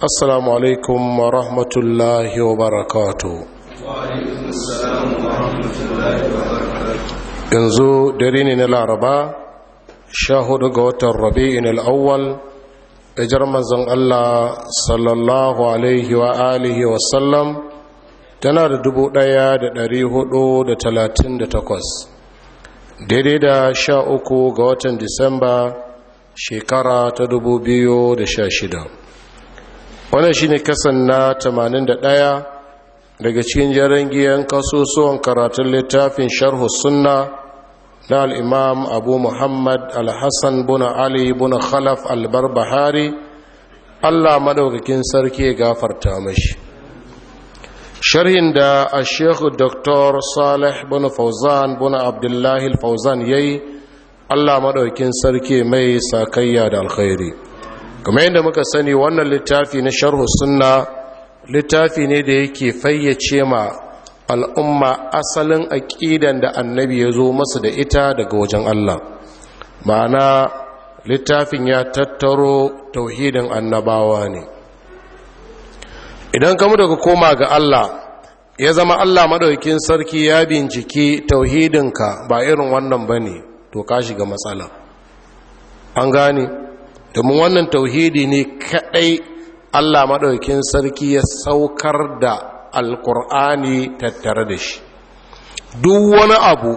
assalamu alaikum wa rahmatullahi wa barakatu yanzu dare ne na laraba sha hudu ga watan rabi'in al'awwal jarman manzon Allah sallallahu alaihi wa alihi wa sallam tana da dubu daya da dari hudu da talatin da takwas daidai da sha uku ga watan disamba shekara ta dubu biyu da sha shida wannan ne kasan na 81 daga cikin giyan kasusuwan karatun littafin sharhu sunna na al'imam abu muhammad al-hassan buna ali buna khalaf al-barbahari allah maɗaukakin sarki gafarta mashi sharhin da a shekhu dr salih buna fauzan buna abdullahi fauzan ya yi allah maɗaukakin sarki mai sakayya da alkhairi kuma yadda muka sani wannan littafi na sharhu sunna littafi ne da yake fayyace ma al'umma asalin aƙidan da annabi ya zo masu da ita daga wajen Allah ma'ana littafin ya tattaro tauhidin annabawa ne idan kamu daga koma ga Allah ya zama Allah madaukin sarki ya binciki tauhidinka ba irin wannan ba ne to ka shiga matsala an gane domin wannan tauhidi ne kadai Allah maɗaukin sarki ya saukar da alkur'ani tattare da shi duk wani abu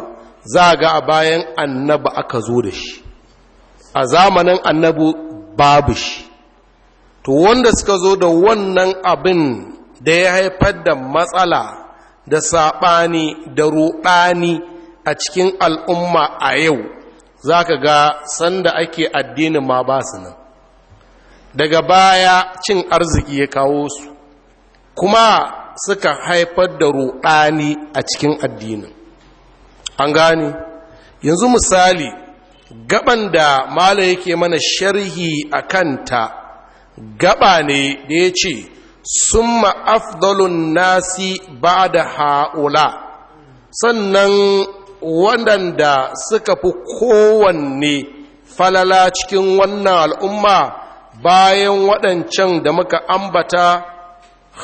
za ga a bayan annabi aka zo da shi a zamanin annabi babu shi to wanda suka zo da wannan abin da ya haifar da matsala da saɓani da ruɗani a cikin al'umma a yau za ka ga sanda ake addinin ma ba su nan daga baya cin arziki ya kawo su kuma suka haifar da ruɗani a cikin addinin an gane yanzu misali gaban da mala yake mana sharhi a kanta gaba ne da ya ce summa afdalun nasi ba da ha'ula sannan waɗanda suka fi kowanne falala cikin wannan al'umma bayan waɗancan da muka ambata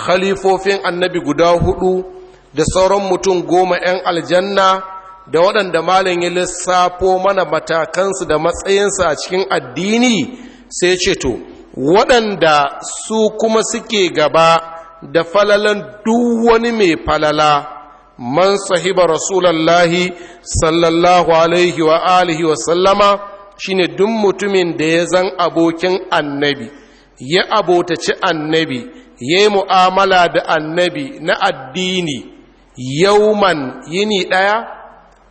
khalifofin annabi guda hudu da sauran mutum goma ‘yan aljanna da waɗanda malin ya lissafo mana matakansu da matsayinsu a cikin addini sai ce to waɗanda su kuma suke gaba da falalan duk wani mai falala man sahiba rasulallahi sallallahu alaihi wa alihi wa sallama shine duk mutumin da ya zan abokin annabi ya abotaci annabi ya yi mu'amala da annabi na addini yauman yini ɗaya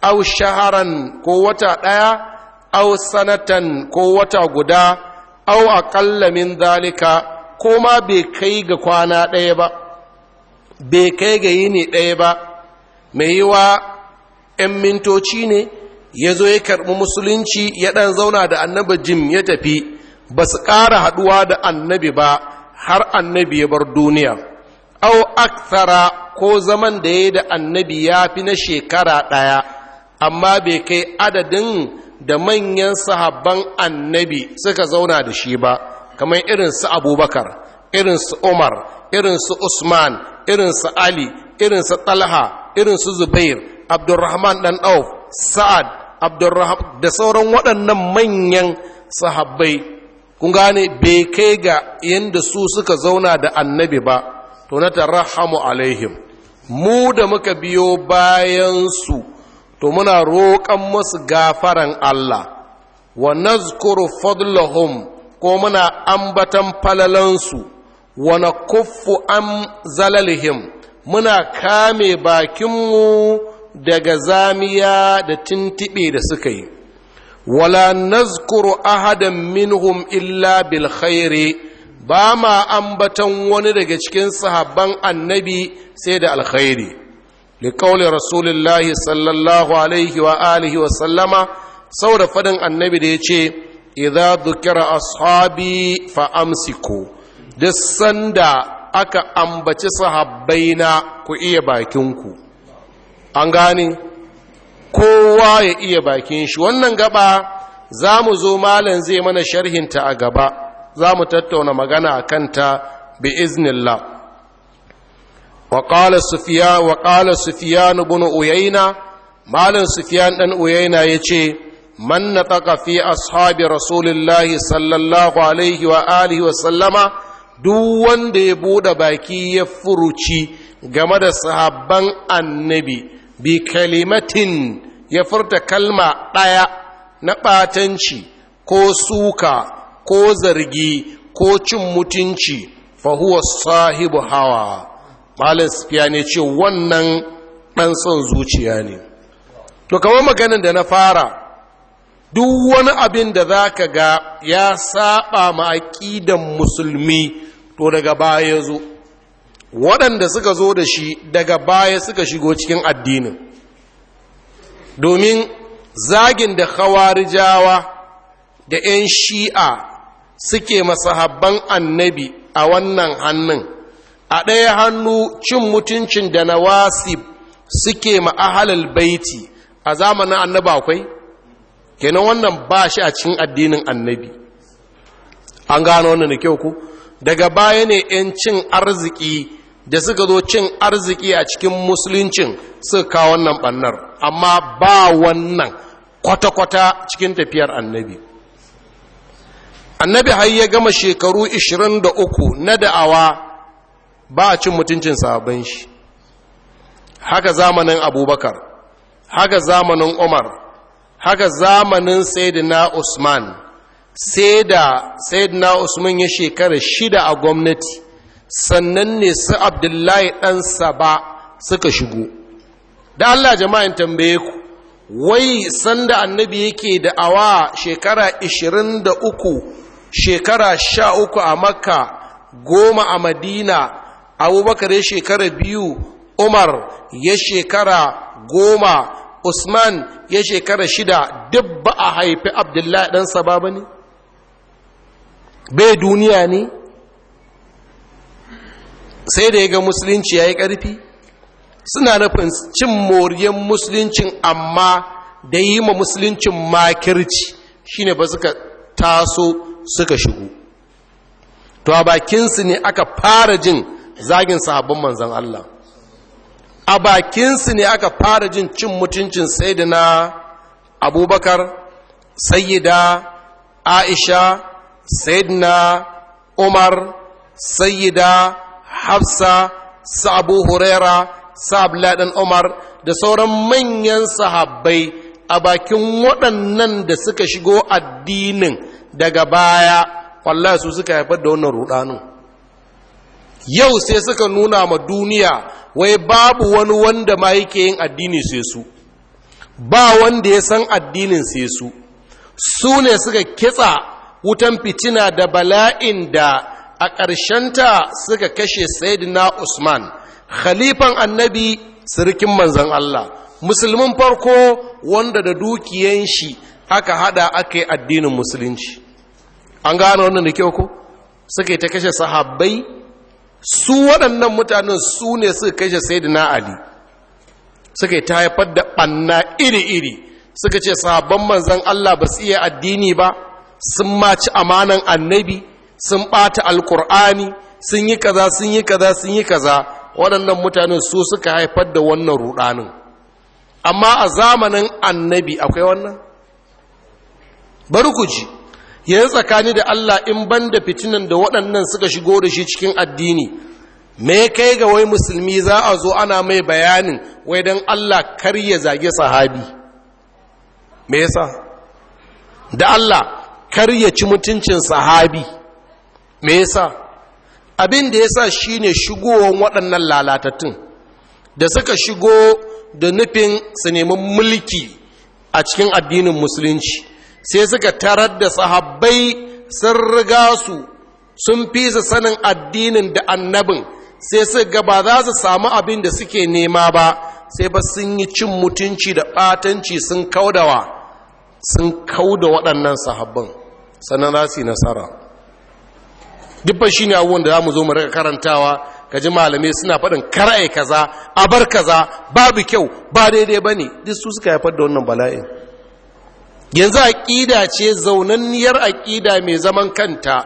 au shaharan ko wata ɗaya au sanatan ko wata guda au aƙalla min zalika ko ma bai kai ga kwana ɗaya ba bai kai ga yini ɗaya ba mai yi wa 'yan mintoci ne ya zo ya karɓi musulunci ya ɗan zauna da annabi jim ya tafi ba su ƙara haɗuwa da annabi ba har annabi ya bar duniya au aksara ko zaman da ya da annabi ya fi na shekara ɗaya amma bai kai adadin da manyan sahabban annabi suka zauna da shi ba kamar irin su abubakar irin su umar irin su usman irin su ali irin su talha irin su zubair abdurrahman dan auf sa'ad abdurrahman da sauran waɗannan manyan sahabbai kun gane bai kai ga yadda su suka zauna da annabi ba to na tarahamu alaihim mu da muka biyo bayansu to muna roƙon musu gafaran Allah wa nazkuru fadlahum ko muna ambatan falalansu wa na kuffu an zalalihim muna kame bakinmu daga zamiya da tintibe da suka yi wala nazkuru ahadan minhum illa bil khairi ba ma ambatan wani daga cikin sahabban annabi sai da alkhairi liƙaunin rasulullahi sallallahu alaihi wa alihi wa sallama sau da faɗin annabi da ya ce idza dhukira ashabi fa amsiku duk sanda aka ambaci sahabbai na ku iya bakin ku. an gane kowa ya iya bakin shi wannan gaba za mu zo malam zai mana sharhinta a gaba za mu tattauna magana a kanta bi iznillah waƙala sufiyan waƙala sufiyan bin uyaina malam sufiyan ɗan uyaina ya ce man na fi ashabi rasulillahi sallallahu alaihi wa alihi wa sallama duk wanda ya bude baki ya furuci game da sahabban annabi bi kalimatin ya furta kalma ɗaya na ɓatanci ko suka ko zargi ko cin mutunci fahuwa sahibu hawa malin sufiya ne ce wannan ɗan son zuciya ne to kamar maganin da na fara duk wani abin da za ka ga ya saba ma aƙidan musulmi to daga baya ya zo waɗanda suka zo da shi daga baya suka shigo cikin addinin domin zagin da khawarijawa da 'yan shi'a suke masahabban annabi a wannan hannun a ɗaya hannu cin mutuncin da na wasi suke ma'ahalar baiti a zamanin annabi akwai kenan wannan ba shi a cikin addinin annabi an gano wannan da kyau ku daga baya ne 'yan cin arziki da suka zo cin arziki a cikin musuluncin suka kawo wannan bannar amma ba wannan kwata-kwata cikin tafiyar annabi annabi har ya gama shekaru 23 na da'awa ba a cin mutuncin sabon shi haka zamanin abubakar haka zamanin umar haka zamanin sayyidina usman sai da sayyidina usman ya shekara shida a gwamnati sannan ne su abdullahi ɗansa ba suka shigo da allah jama'in tambaye ku wai sanda annabi yake da awa shekara 23 shekara 13 a makka goma a madina abubakar ya shekara biyu umar ya shekara goma usman ya shekara shida duk ba a haifi abdullahi ɗansa ba ne bai duniya ne sai da ya ga musulunci ya yi ƙarfi suna nufin cin moriyar musuluncin amma da yi ma musuluncin makirci shine ba suka taso suka shigo to a bakinsu ne aka fara jin zagin sabon manzan Allah a bakinsu ne aka fara jin cin mutuncin sai da na abubakar sayyida aisha sayyidina umar sayyida hafsa sa abu huraira sa abladan umar da sauran manyan sahabbai a bakin waɗannan da suka shigo addinin daga baya wallahi su suka haifar da wannan rudanin yau sai suka nuna ma duniya wai babu wani wanda ma yake yin addini sai su ba wanda ya san addinin sai su su ne suka kitsa wutan fitina da bala'in da a ƙarshenta suka kashe saidina usman khalifan annabi sirikin manzan allah musulmin farko wanda da dukiyan shi aka hada aka yi addinin musulunci an gane wannan da kyau ko suka yi ta kashe sahabbai su waɗannan mutanen su ne suka kashe saidina ali suka ta haifar da ɓanna iri-iri suka ce sahabban manzan allah ba su iya addini ba sun maci amanan annabi sun ɓata alkur'ani sun yi kaza sun yi kaza sun yi kaza waɗannan mutanen su suka haifar da wannan ruɗanin amma a zamanin annabi akwai wannan bari ku ji yayin tsakani da Allah in ban da fitinan da waɗannan suka shigo da shi cikin addini me kai ga wai musulmi za a zo ana mai bayanin wai don Allah kar ya zage sahabi me yasa da Allah ci mutuncin sahabi me yasa abin da yasa shine shigowar waɗannan lalatattun da suka shigo da nufin su nemi mulki a cikin addinin musulunci sai suka tarar da sahabbai sun riga su sun fi su sanin addinin da annabin sai su ga ba za su samu abin da suke nema ba sai ba sun yi cin mutunci da ɓatanci sun kaudawa sun kauda waɗannan sahabban sannan za su yi nasara dubban shi ne abubuwan da za mu zo mu rika karantawa ka ji malamai suna faɗin kara'ai kaza a bar kaza babu kyau ba daidai ba ne duk su suka haifar da wannan bala'in yanzu aƙida ce zaunanniyar aƙida mai zaman kanta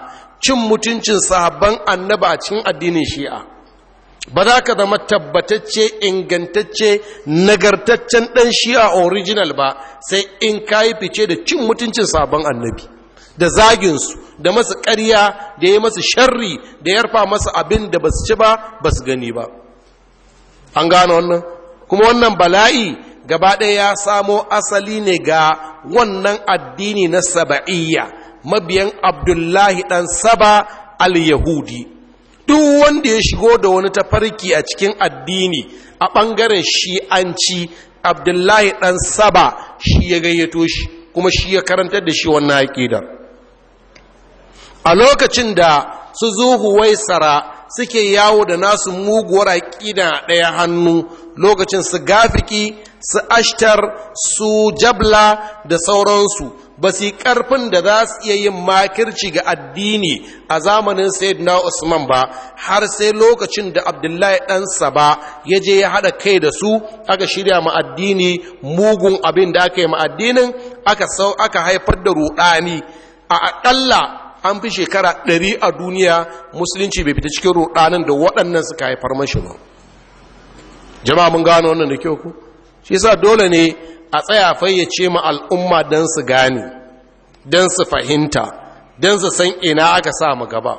cin mutuncin sahabban annaba a cikin addinin shi'a ba za ka zama tabbatacce ingantacce nagartaccen ɗan shi'a original ba sai in ka yi fice da cin mutuncin sabon annabi da zaginsu da masu ƙarya da ya masu sharri da ya rufa masu abin da ba su ci ba ba su gani ba an gano wannan kuma wannan bala'i gaba ɗaya ya samo asali ne ga wannan addini na saba'iyya mabiyan abdullahi ɗan saba al-yahudi duk wanda ya shigo da wani tafarki a cikin addini a ɓangaren shi'anci abdullahi ɗan saba shi ya gayyato shi kuma shi ya karantar da shi wannan aƙidar a lokacin da su zuhu waisara suke yawo da nasu muguwar aƙida ɗaya hannu lokacin su gafiki su ashtar su jabla da sauransu ba su ƙarfin da za su iya yin makirci ga addini a zamanin sayyidina usman ba har sai lokacin da abdullahi ɗansa ba ya je ya haɗa kai da su aka shirya ma addini mugun abin da aka yi ma addinin aka haifar da ruɗani a aƙalla an fi shekara ɗari a duniya musulunci bai fita cikin rudanin da waɗannan suka haifar mashi ba jama'a mun gano wannan da kyau ku shi sa dole ne a tsaya fayyace ma al'umma don su gane don su fahimta don su san ina aka sa mu gaba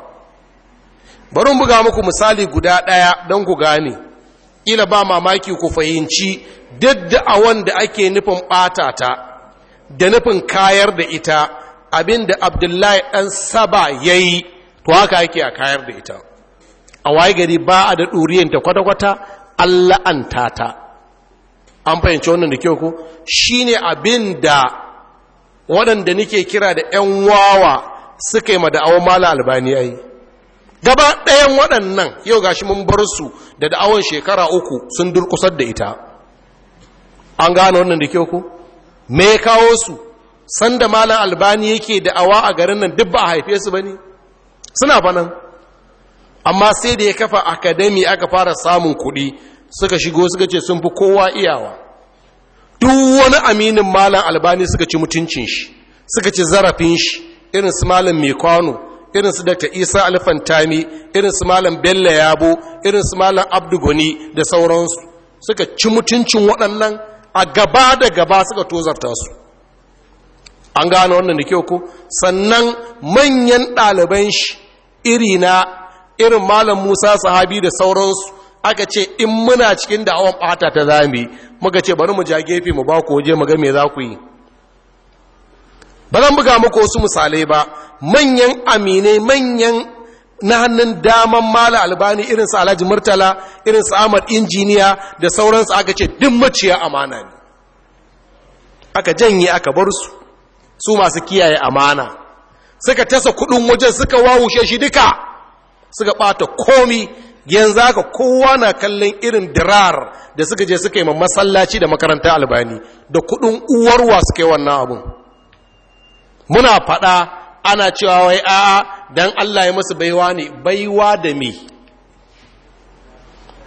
bari buga muku misali guda ɗaya dan ku gane ila ba mamaki ku fahimci duk da a wanda ake nufin ɓata ta da nufin kayar da ita abin da abdullahi ɗan saba ya yi to haka yake a kayar da ita a waye gari ba a da ɗuriyanta kwata-kwata allah an an fahimci wannan da kyau ko shi ne abin da waɗanda nake kira da 'yan wawa suka yi mada'awar mala albani ya yi gaba ɗayan waɗannan yau gashi mun bar su da da'awar shekara uku sun durkusar da ita an gane wannan da kyau ko me kawo su sanda malam albani yake da awa a garin nan duk ba a haife su ba ne suna ba nan amma sai da ya kafa Akademi aka fara samun kuɗi suka shigo suka ce sun fi kowa iyawa duk wani aminin malam albani suka ci mutuncin shi suka ci zarafin shi irin su malam mai kwano irin su daga isa alfantami irin su malam bello yabo irin su malam abdugoni da sauransu suka ci mutuncin waɗannan a gaba da gaba suka tozarta su an gano wannan da kyau ko sannan manyan ɗaliban shi iri na irin malam musa sahabi da sauransu aka ce in muna cikin da da'awan ɓata ta zami muka ce bari mu ja gefe mu ba ku waje mu ga me za ku yi ba zan buga muku wasu misalai ba manyan amine manyan na hannun daman mala albani su alhaji murtala su ahmad injiniya da sauransu aka ce duk maciya amana ne aka janye aka bar su su masu kiyaye amana suka tasa kudin wajen suka wawushe shi duka suka bata komi yanzu haka kowa na kallon irin dirar da suka je suka yi ma masallaci da makaranta albani da kudin uwarwa suka yi wannan abun muna fada ana cewa wai a'a dan Allah ya musu baiwa ne baiwa da me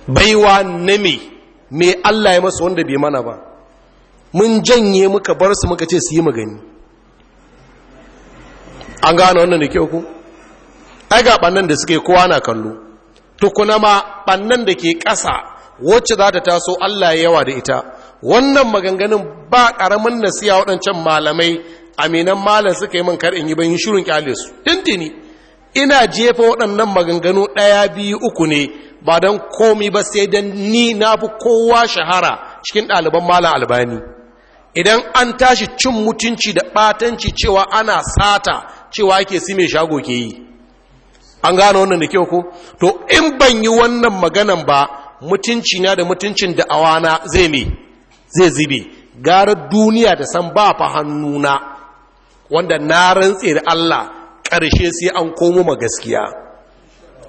baiwa na me me Allah ya musu wanda bai mana ba mun janye muka bar su muka ce su yi magani an gane wannan da ke hukun ai ga bannan da suke kowa na kallo tukuna ma bannan da ke ƙasa wacce za ta taso Allah ya yawa da ita wannan maganganun ba ƙaramin nasiya waɗancan malamai aminan malam suka yi man kar in yi bayan shirin kyale su tintini ina jefa waɗannan maganganu ɗaya biyu uku ne ba don komi ba sai don ni na fi kowa shahara cikin ɗaliban malam albani idan an tashi cin mutunci da ɓatanci cewa ana sata cewa ake si mai shago ke yi an gano wannan da kyau ko to in ban yi wannan maganan ba mutunci na da mutuncin da awana zai me zai zibe gara duniya da san ba fa hannuna wanda na rantse da Allah ƙarshe sai an komo ma gaskiya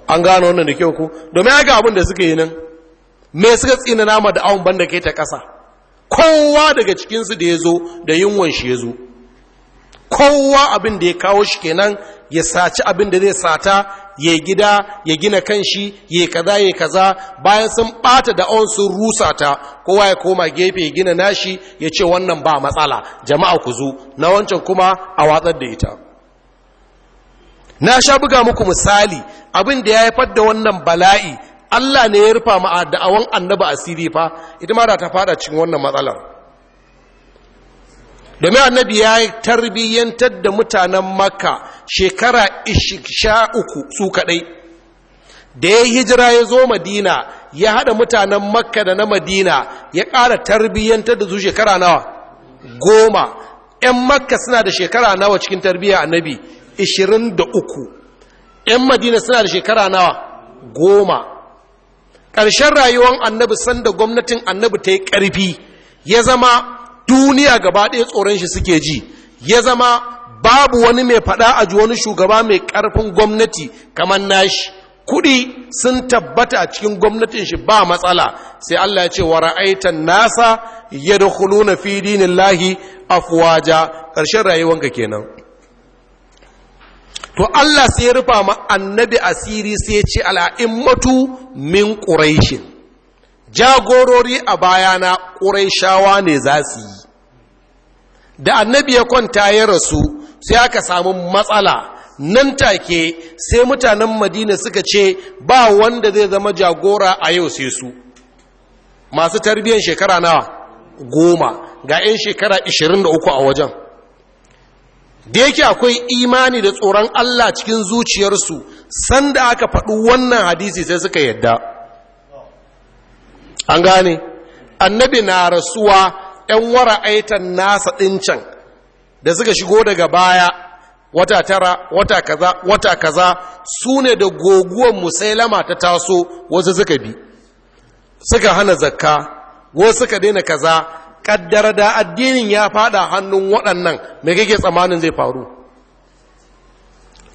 an gano wannan da kyau ko domin ga abin da suka yi nan me suka tsina nama da awon banda kai ta kasa kowa daga cikinsu da yazo da yunwan shi yazo kowa abin da ya kawo shi kenan ya saci abin da zai sata ya gida ya gina kanshi ya kaza ya kaza bayan sun bata da on sun rusa ta kowa ya koma gefe ya gina nashi ya ce wannan ba matsala jama'a ku zo na wancan kuma a watsar da ita na sha buga muku misali abin da ya haifar da wannan bala'i Allah ne ya rufa ma da'awan annaba asiri fa ita ma da ta fada cikin wannan matsalar domin annabi ya yi tarbiyyantar da mutanen maka shekara sha uku su kaɗai da ya hijira ya zo madina ya haɗa mutanen makka da na madina ya ƙara tarbiyyantar da su shekara nawa goma 'yan makka suna da shekara nawa cikin tarbiyyar annabi ishirin da uku 'yan madina suna da shekara nawa goma ƙarshen rayuwar annabi sanda gwamnatin annabi ta yi ƙarfi ya zama duniya gaba ɗaya tsoron shi suke ji ya zama babu wani mai faɗa a ji wani shugaba mai ƙarfin gwamnati kamar nashi kuɗi sun tabbata a cikin gwamnatin shi ba matsala sai Allah ya ce wa ra'aitan nasa na fi dinin lahi afuwaja. ƙarshen ka kenan to Allah sai ya rufa ma annabi asiri sai ya ce al'a'immatu min shi. jagorori a bayana shawa ne za su yi da annabi ya kwanta ya rasu sai aka samu matsala nan take sai mutanen madina suka ce ba wanda zai zama jagora a yau sai su masu tarbiyyar shekara na goma ga 'yan shekara 23 a wajen da yake akwai imani da tsoron Allah cikin zuciyarsu sanda aka faɗi wannan hadisi sai suka yadda an gane annabi na rasuwa ‘yan wara'aitan nasa ɗincan da suka shigo daga baya wata tara wata kaza wata kaza su ne da goguwan musailama ta taso wasu suka bi suka hana zakka wasu suka daina kaza kaddara da addinin ya fada hannun waɗannan mai kake tsamanin zai faru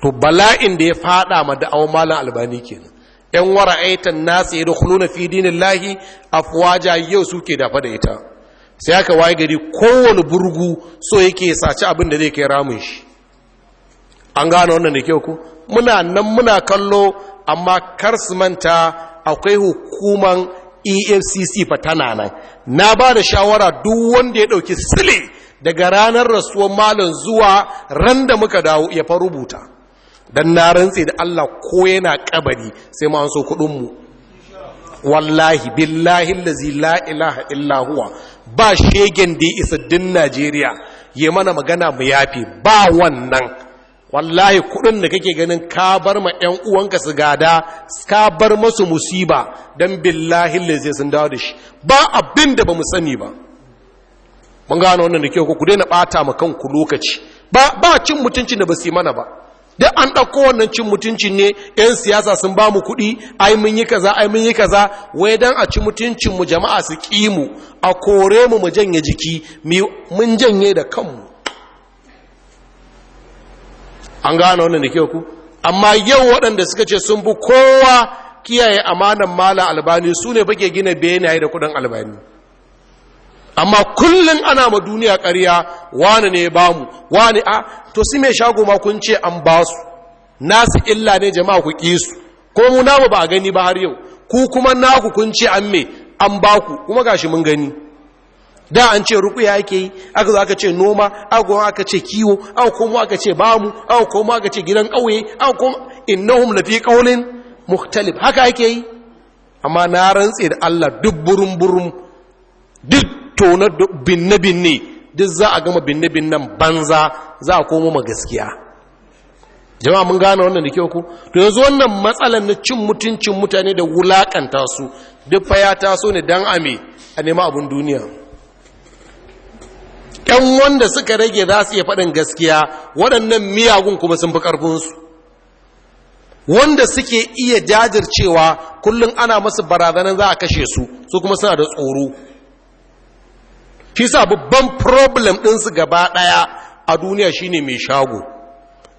to bala'in da ya fada ma da'awon malam albani kenan yan aitan nasi yadkhuluna fi dinillahi afwaja yau suke dafa da ita sai aka waye gari kowane burgu so yake saci abin da zai kai ramin shi an gano wannan da kyau ku muna nan muna kallo amma kar su manta akwai hukuman efcc fatana nan na ba da shawara duk wanda ya ɗauki sile daga ranar rasuwar malam zuwa ran da muka dawo ya fa rubuta dan na rantse da Allah ko yana kabari sai ma an so kudin mu wallahi billahi allazi la ilaha illa ba shegen da isa din Najeriya ya mana magana mu yafi ba wannan wallahi kuɗin da kake ganin ka bar ma 'yan uwanka su gada ka bar masu musiba dan billahi allazi sun dawo da shi ba abin da mu sani ba mun gano wannan da kyau ku daina bata ma kanku lokaci ba ba cin mutuncin da ba su yi mana ba duk an ɗauko wannan cin mutuncin ne 'yan siyasa sun ba mu kuɗi ai mun yi kaza ai mun yi kaza wai don a ci mutuncin mu jama'a su ƙi mu a kore mu mu janye jiki mun janye da kanmu an gane wannan da kyau ku amma yau waɗanda suka ce sun bi kowa kiyaye amanan mala albani su ne bake gina benaye da kuɗin albani amma kullum ana ma duniya ƙarya wani ne ba mu wani a to su mai shago ma kun ce an ba su nasu illa ne jama'a ku ƙi su ko mu namu ba a gani ba har yau ku kuma naku kun ce an me an ba ku kuma gashi mun gani da an ce rukuya ke yi aka zo aka ce noma aka aka ce kiwo aka komo aka ce bamu aka komo aka ce gidan ƙauye aka komo innahum lafi ƙaunin muhtalif haka ake yi amma na rantse da Allah duk burum burum duk tona binne-binne duk za a gama binne-binnen banza za a komo ma gaskiya jama'a mun gane wannan da kyau ku to yanzu wannan matsalar na cin mutuncin mutane da wulakanta su duk fa ya taso ne dan ame a nema abin duniya ƴan wanda suka rage za su iya faɗin gaskiya waɗannan miyagun kuma sun fi ƙarfinsu wanda suke iya jajircewa kullum ana masu barazanar za a kashe su su kuma suna da tsoro shi sa babban problem ɗinsu gaba ɗaya a duniya shine mai shago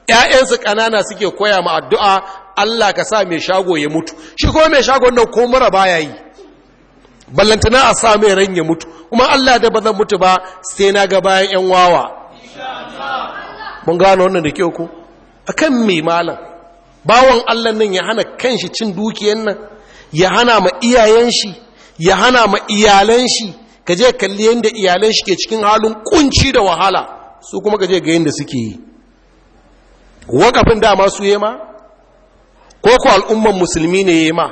‘ya'yansu ƙanana suke koya ma addu'a Allah ka sa mai shago ya mutu shi kuma mai shago nan ko mara baya yi ballantana a sa mai ran ya mutu kuma Allah da ba zan mutu ba sai na ga bayan ‘yan wawa mun gano wannan da kyau ko a kan mai malam bawon Allah nan ya hana kanshi cin dukiyan nan ya hana ma iyayen shi ya hana ma iyalan shi ka je kalli yadda iyalan shi ke cikin halin kunci da wahala su kuma ka je ga yadda suke yi wakafin dama su yi ma ko ku al'umman musulmi ne yi ma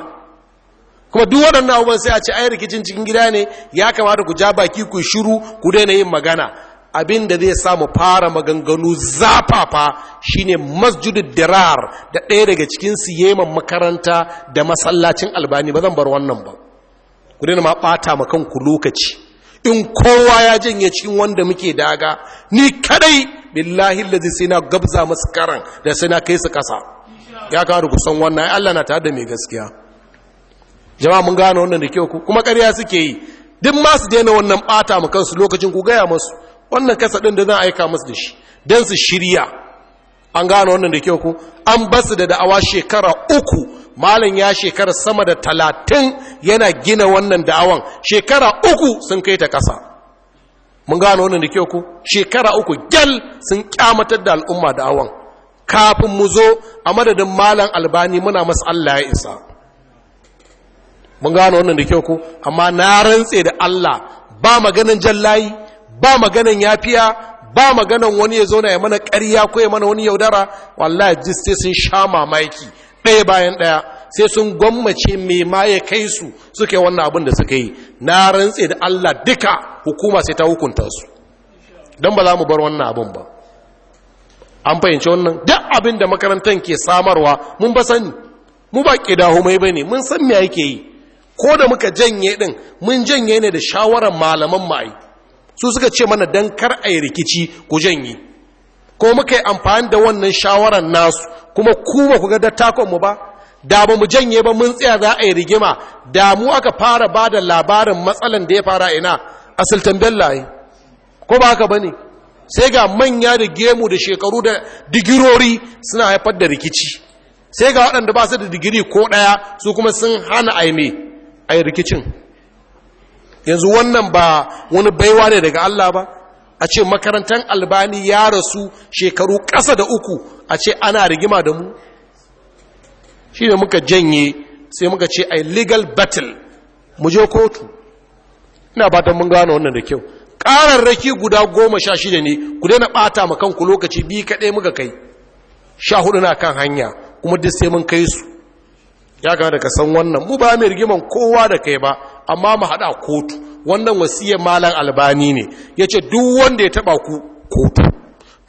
kuma duk waɗannan abubuwan sai a ce ayar rikicin cikin gida ne ya kamata ku ja baki ku shiru ku daina yin magana abin da zai samu fara maganganu zafafa shine masjidud dirar da ɗaya daga cikin siyeman makaranta da masallacin albani ba zan bar wannan ba ku daina ma ɓata ma kanku lokaci in kowa ya janye cikin wanda muke daga ni kadai billahi lazi sai na gabza masu karan da sai na kai su kasa ya kawo kusan wannan Allah na tare da mai gaskiya jama'a mun gane wannan da kyau kuma ƙarya suke yi duk ma su daina wannan ɓata mu kansu lokacin ku gaya musu wannan kasa ɗin da zan aika masu da shi don su shirya an gane wannan da kyau ku an basu da da'awa shekara uku malam ya shekara sama da talatin yana gina wannan da'awan shekara uku sun kai ta ƙasa mun gano wannan da kyau ku shekara uku gyal sun kyamatar da al'umma da'awan kafin mu zo a madadin malam albani muna masu allah ya isa mun gano wannan da kyau ku amma na rantse da allah ba maganin jallayi ba maganin yafiya ba maganan wani ya zo na ya mana ƙarya ko ya mana wani yaudara wallahi jiste sun sha mamaki ɗaya bayan ɗaya sai sun gwammace mai ma ya kai su suke wannan abin da suka yi na rantse da Allah duka hukuma sai ta hukunta su don ba za mu bar wannan abin ba an fahimci wannan duk abin da makarantar ke samarwa mun ba sani mu ba ƙidahu mai bane mun san me ake yi ko da muka janye din mun janye ne da shawarar malaman ma'ai su suka ce mana dan kar a yi rikici ku janye ko muka yi amfani da wannan shawarar nasu kuma ku ku ga dattakonmu ba da ba mu janye ba mun tsaya za a yi rigima da mu aka fara ba da labarin matsalan da ya fara ina asaltan bellaye ko ba haka ba ne sai ga manya da gemu da shekaru da digirori suna haifar da rikici sai ga waɗanda ba su da digiri ko ɗaya su kuma sun hana aime a rikicin yanzu wannan ba wani baiwa ne daga Allah ba a ce makarantar albani ya rasu shekaru ƙasa da uku a ce ana rigima da mu shi ne muka janye sai muka ce a legal battle mu je kotu ina ba mun gano wannan da kyau ƙararraki guda goma sha shida ne ku daina ɓata ma kanku lokaci biyu kaɗai muka kai sha hudu na kan hanya kuma duk sai mun kai su ya gane da ka san wannan mu ba mai rigiman kowa da kai ba amma mu haɗa kotu wannan wasiyar malam albani ne ce duk wanda ya taba ku kotu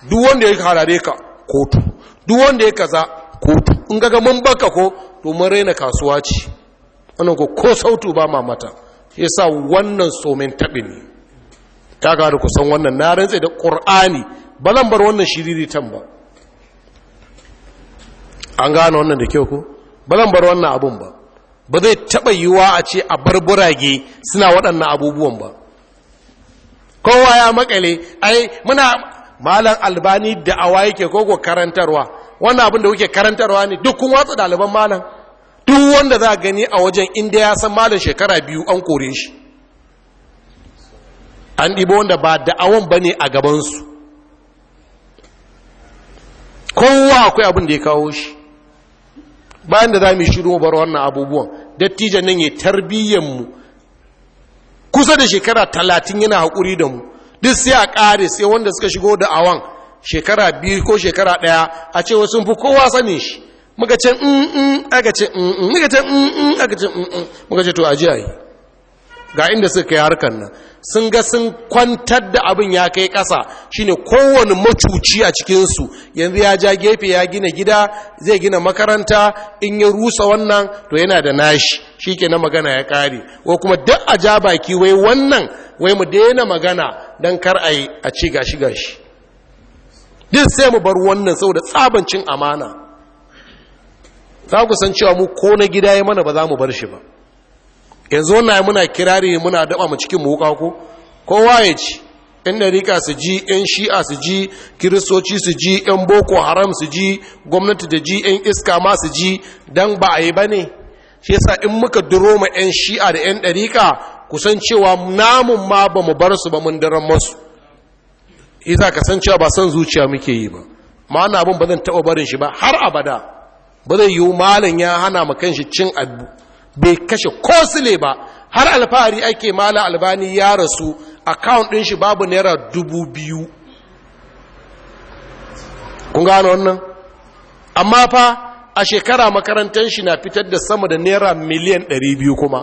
duk wanda ya harare ka kotu duk wanda ya kaza kotu in ga mun baka ko to mun raina kasuwa ce wannan ko ko sautu ba ma mata yasa wannan somin tabi ne ta ga da kusan wannan na rantsa da qur'ani ba zan bar wannan shiriri tan ba an gane wannan da kyau ko ba zan bar wannan abun ba ba zai taɓa yiwuwa a ce a bar burage suna waɗannan abubuwan ba kowa ya makale ai muna malam albani da awa yake koko karantarwa wannan abin da kuke karantarwa ne duk kun watsa ɗaliban malam duk wanda za a gani a wajen inda ya san malam shekara biyu an kore shi an ɗibo wanda ba da'awan ba ne a gabansu kowa akwai abin da ya kawo shi bayan da za mu yi shiru mu bar wannan abubuwan dattijan nan ya tarbiyyar mu kusa da shekara talatin yana haƙuri da mu duk sai a ƙare sai wanda suka shigo da awan shekara biyu ko shekara ɗaya a ce wasu fi kowa sanin shi muka ce in mm, in mm, aka ce in mm, in muka ce in in aka ce in in muka ce to ajiyayi yi ga inda suka yi harkar nan sun ga sun kwantar da abin ya kai ƙasa shine kowane macuci a cikinsu yanzu ya ja gefe ya gina gida zai gina makaranta in ya rusa wannan to yana da nashi shi na magana ya kare ko kuma duk a ja baki wai wannan wai mu daina magana don kar a yi a ci gashi gashi duk sai mu bar wannan saboda tsabancin amana za ku san cewa mu ko na gida ya mana ba za mu bar shi ba yanzu wannan muna kirari muna daba mu cikin muka ko kowa ya ci yan dariƙa su ji yan shi'a su ji kiristoci su ji yan boko haram su ji gwamnati da ji yan iska ma su ji dan ba a yi ba ne shi yasa in muka duro ma yan shi'a da yan dariƙa kusan cewa namun ma ba mu bar su ba mun daren masu isa ka san cewa ba san zuciya muke yi ba Ma ma'ana abin ba zan taɓa barin shi ba har abada ba zai yiwu malin ya hana ma shi cin abu bai kashe ko sile ba har alfahari ake mala albani ya rasu account ɗin shi babu naira dubu biyu kun gano wannan amma fa a shekara makarantar shi na fitar da sama da naira miliyan 200 kuma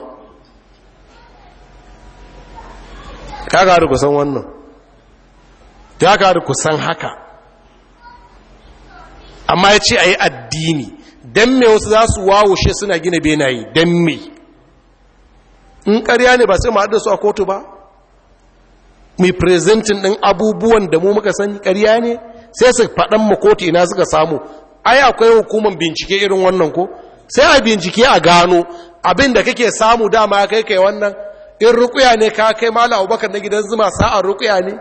ka gari kusan wannan ta gari kusan haka amma ya ce a yi addini don me wasu za su wawushe suna gina benaye don me in karya ne ba sai ma su a kotu ba mai prezentin ɗin abubuwan da mu muka sani karya ne sai su faɗan mu kotu ina suka samu ai akwai hukumar bincike irin wannan ko sai a bincike a gano abin da kake samu dama kai kai wannan in rukuya ne ka kai mala abubakar na gidan zuma sa'ar rukuya ne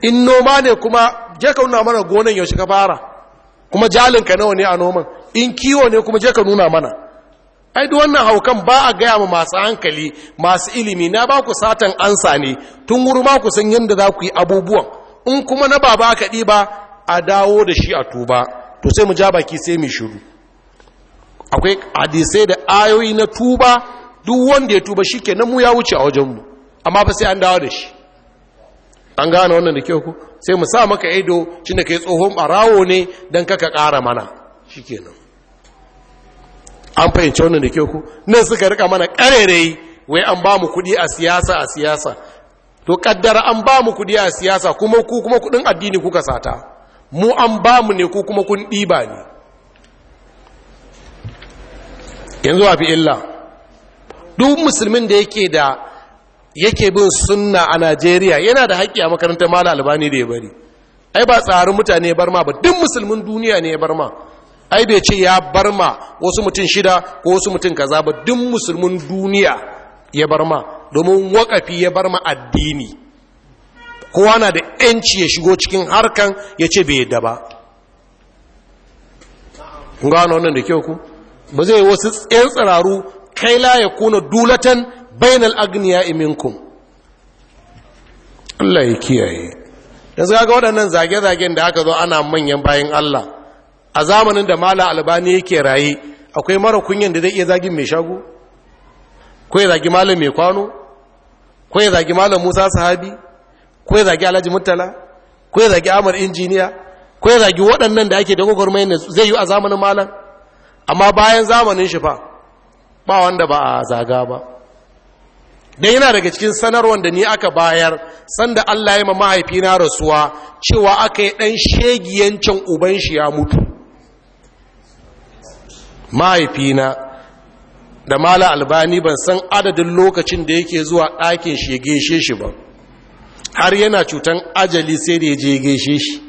in noma ne kuma je ka nuna mana gonan yaushe ka fara kuma jalinka nawa ne a noman in kiwo ne kuma je ka nuna mana ai duk wannan haukan ba a gaya ma masu hankali masu ilimi na ba ku satan ansa ne tun wuri ma ku san yadda za ku yi abubuwan in kuma na baba ka ba, a dawo da shi a tuba to sai mu ja baki sai mu shiru akwai hadisai da ayoyi na tuba duk wanda ya tuba shi kenan mu ya wuce a mu. amma fa sai an dawo da shi an gane wannan da kyau ku sai mu sa maka ido shi da kai tsohon ɓarawo ne don kaka ƙara mana shikenan an fahimci wannan da ke ku nan suka rika mana karerai wai an ba mu kudi a siyasa a siyasa to kaddara an ba mu kudi a siyasa kuma ku kuma kudin addini kuka sata mu an ba mu ne ku kuma kun ba ne yanzu a fi illa duk musulmin da yake da yake bin sunna a najeriya yana da haƙƙi a makarantar mala albani da ya bari ai ba tsarin mutane ya bar ma ba duk musulmin duniya ne ya bar ma ai bai ce ya bar ma wasu mutum shida ko wasu mutum kaza ba duk musulmin duniya ya bar ma domin wakafi ya bar ma addini kowa na da yanci ya shigo cikin harkan ya ce bai yadda ba gano wannan da kyau ku ba zai wasu yan tsiraru kai la ya kuna dulatan bainal agniya iminkum Allah ya kiyaye yanzu ga waɗannan zage-zagen da aka zo ana manyan bayan Allah a zamanin da mala albani yake raye akwai mara kunyan da zai iya zagin mai shago ko ya zagi malam mai kwano ko zagi malam musa sahabi ko ya zagi alhaji murtala ko ya zagi amur injiniya ko ya zagi waɗannan da ake da gwagwarmayin zai yi a zamanin malam amma bayan zamanin shi fa ba wanda ba a zaga ba dan yana daga cikin sanarwar da ni aka bayar sanda Allah ya ma mahaifina rasuwa cewa aka yi dan shegiyancin uban shi ya mutu mahaifina da mala albani ban san adadin lokacin da yake zuwa ɗakin shi shi ba har yana cutan ajali sai da ya je gaishe shi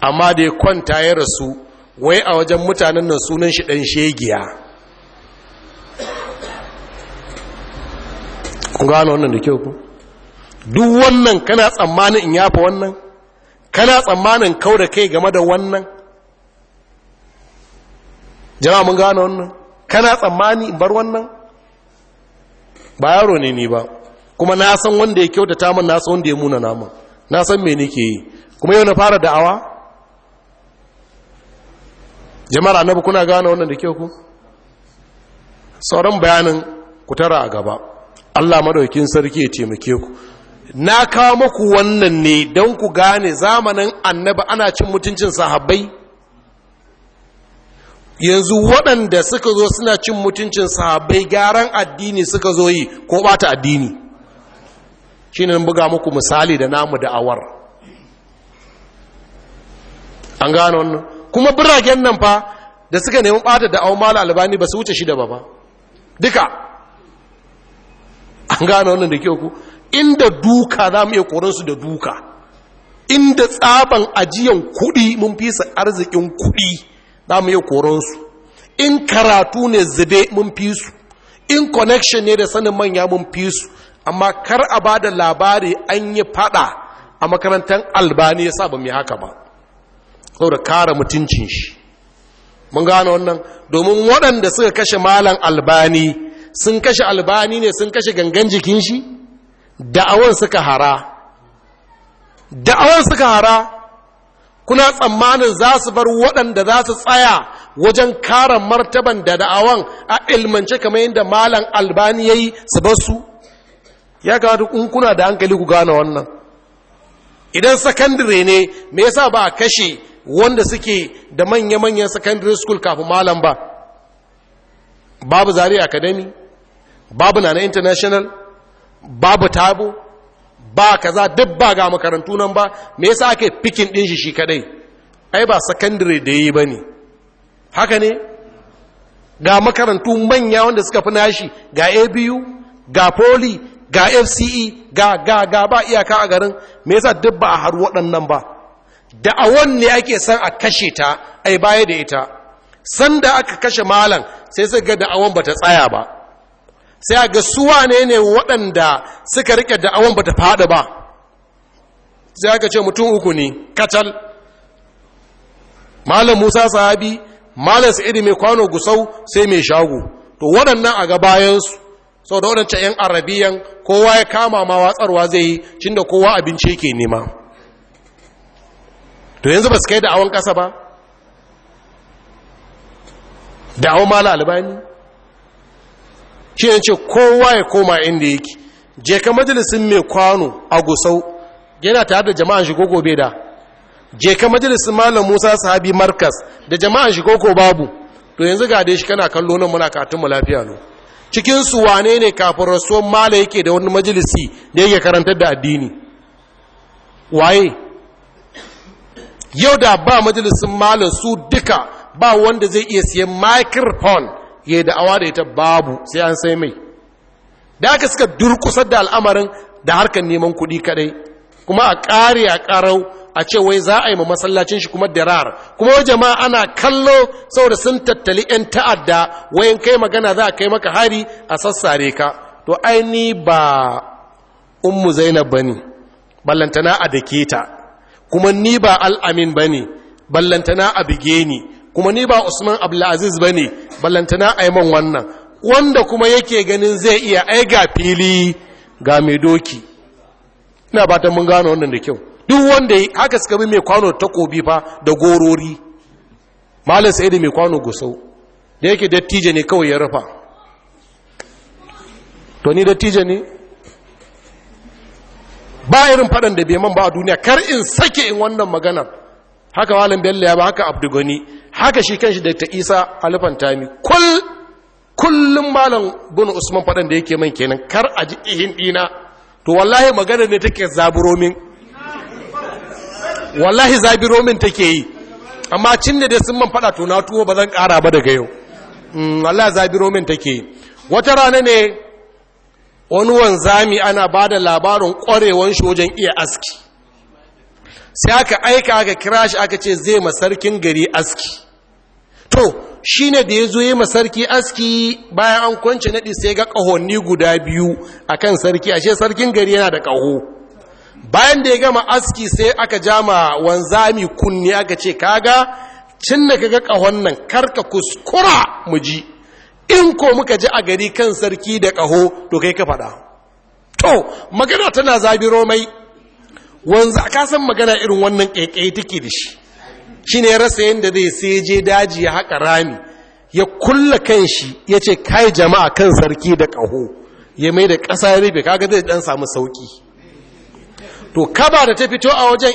amma da ya kwanta ya rasu wai a wajen mutanen nan sunan shi ɗan shegiya kun gano wannan da kyau ku duk wannan kana tsammanin in yafa wannan kana tsammanin kau da kai game da wannan jama'a mun gane wannan kana tsammani in bar wannan ba yaro ne ni ba kuma na san wanda ya kyautata min na san wanda ya muna namun na san me nake yi kuma yau na fara da'awa jama'ar annabi kuna gane wannan da kyau ku sauran bayanin ku tara a gaba Allah madaukin sarki ya taimake ku na kawo muku wannan ne don ku gane zamanin annabi ana cin mutuncin sahabbai yanzu waɗanda suka zo suna cin mutuncin sahabbai gyaran addini suka zo yi ko bata addini shi ne buga muku misali da namu da awar an gano wannan kuma biragen nan fa da suka nemi ɓata da awon albani ba su wuce shida ba ba duka an gano wannan da kyau ku inda duka za mu iya korinsu da duka inda tsaban ajiyan kuɗi mun fi su arzikin kuɗi za mu yi koronsu in karatu ne zube mun fi su in connection ne da sanin manya mun fi su amma kar a ba da labari an yi fada a makarantar albani ya sa ba mai haka ba saboda kara mutuncin shi mun gane wannan domin waɗanda suka kashe malam albani sun kashe albani ne sun kashe gangan jikin shi da'awan suka hara da'awan suka hara kuna tsammanin za su bar waɗanda za su tsaya wajen kara martaban da da'awan a ilmance kamar yadda malam albani ya yi su bar su ya kawo in kuna da hankali ku gane wannan idan sakandire ne me yasa ba a kashe wanda suke da manya-manyan sakandire school kafin malam ba babu zari academy babu nana international babu tabo ba kaza za ga makarantu nan ba me yasa ake fikin din shi shi kadai ai ba secondary da yi bane haka ne ga makarantu manya wanda suka fi nashi ga ABU ga Poli ga FCE ga ga ga ba iyaka a garin me yasa duk a har waɗannan ba da a ne ake san a kashe ta ai baya da ita sanda aka kashe malam sai sai ga awan bata tsaya ba sai a ga suwa ne ne waɗanda suka rike awon ba ta faɗa ba sai aka ce mutum uku ne kacal malam musa sahabi malam Sa'idu mai kwano gusau sai mai shago to waɗannan a ga bayansu sau da waɗancan 'yan arabiyan kowa ya kama ma watsarwa zai yi cin da kowa abinci yake nema to yanzu ba su kai awon ƙasa ba awon malam albani shi ne ce kowa ya koma inda yake je ka majalisin mai kwano a gusau yana tare da jama'an shi gogo bai da je ka majalisin malam musa sahabi markas da jama'an shi babu to yanzu ga dai shi kana kallo nan muna katun mu lafiya no cikin su wane ne kafin rasuwan mala yake da wani majalisi da yake karantar da addini waye yau da ba majalisin malam su duka ba wanda zai iya siyan microphone ya da'awa da ita babu sai an sai mai da aka suka durkusar da al'amarin da harkar neman kuɗi kadai kuma a ƙari a ƙarau a ce wai za a yi ma masallacin shi kuma da dirar kuma wajen ma ana kallo saboda sun tattali 'yan ta'adda wayan kai magana za a kai maka hari a sassare ka to aini ba ummu zainab ba ne ballantana a dake ta kuma ni ba al'amin ba ne ballantana a bige ni kuma ni ba usman abdulaziz ba ne ballantana aiman wannan wanda kuma yake ganin zai iya ai ga fili ga mai doki ina ba ta mun gano wannan da kyau duk wanda haka suka bi mai kwano takobi fa da gorori malam sai da mai kwano gusau da yake dattijo ne kawai ya rufa to ni dattijo ne ba irin fadan da bai man ba a duniya kar in sake in wannan maganar haka malam bello ya ba haka abdugani haka shi kanshi da ta Isa Alfantami tami kullum malam bin Usman fadan da yake man kenan kar a ji ihin dina to wallahi magana ne take zaburo min wallahi zaburo min take yi amma cin da sun man fada to tuwo ba zan kara ba daga yau mm, wallahi zaburo min take yi wata rana ne wani wanzami ana ba da labarin ƙwarewan shi wajen iya aski sai aka aika aka kira shi aka ce zai masarkin gari aski to shi ne da ya zo yi masarki aski bayan an kwanci naɗi sai ga ƙahonni guda biyu a kan sarki ashe sarkin gari yana da ƙaho bayan da ya gama aski sai aka jama wanzami kunni aka ce kaga cin da kaga ƙahon nan karka kuskura mu ji in ko muka ji a gari kan sarki da ƙaho to kai ka faɗa to magana tana zabi romai wanzu a kasan magana irin wannan ƙaiƙai take da shi shi ne rasa yadda zai sai je daji ya haƙa rami ya kulla kan shi ya ce kai jama'a kan sarki da ƙaho ya mai da ƙasa ya rufe kaga zai ɗan samu sauƙi to kaba da ta fito a wajen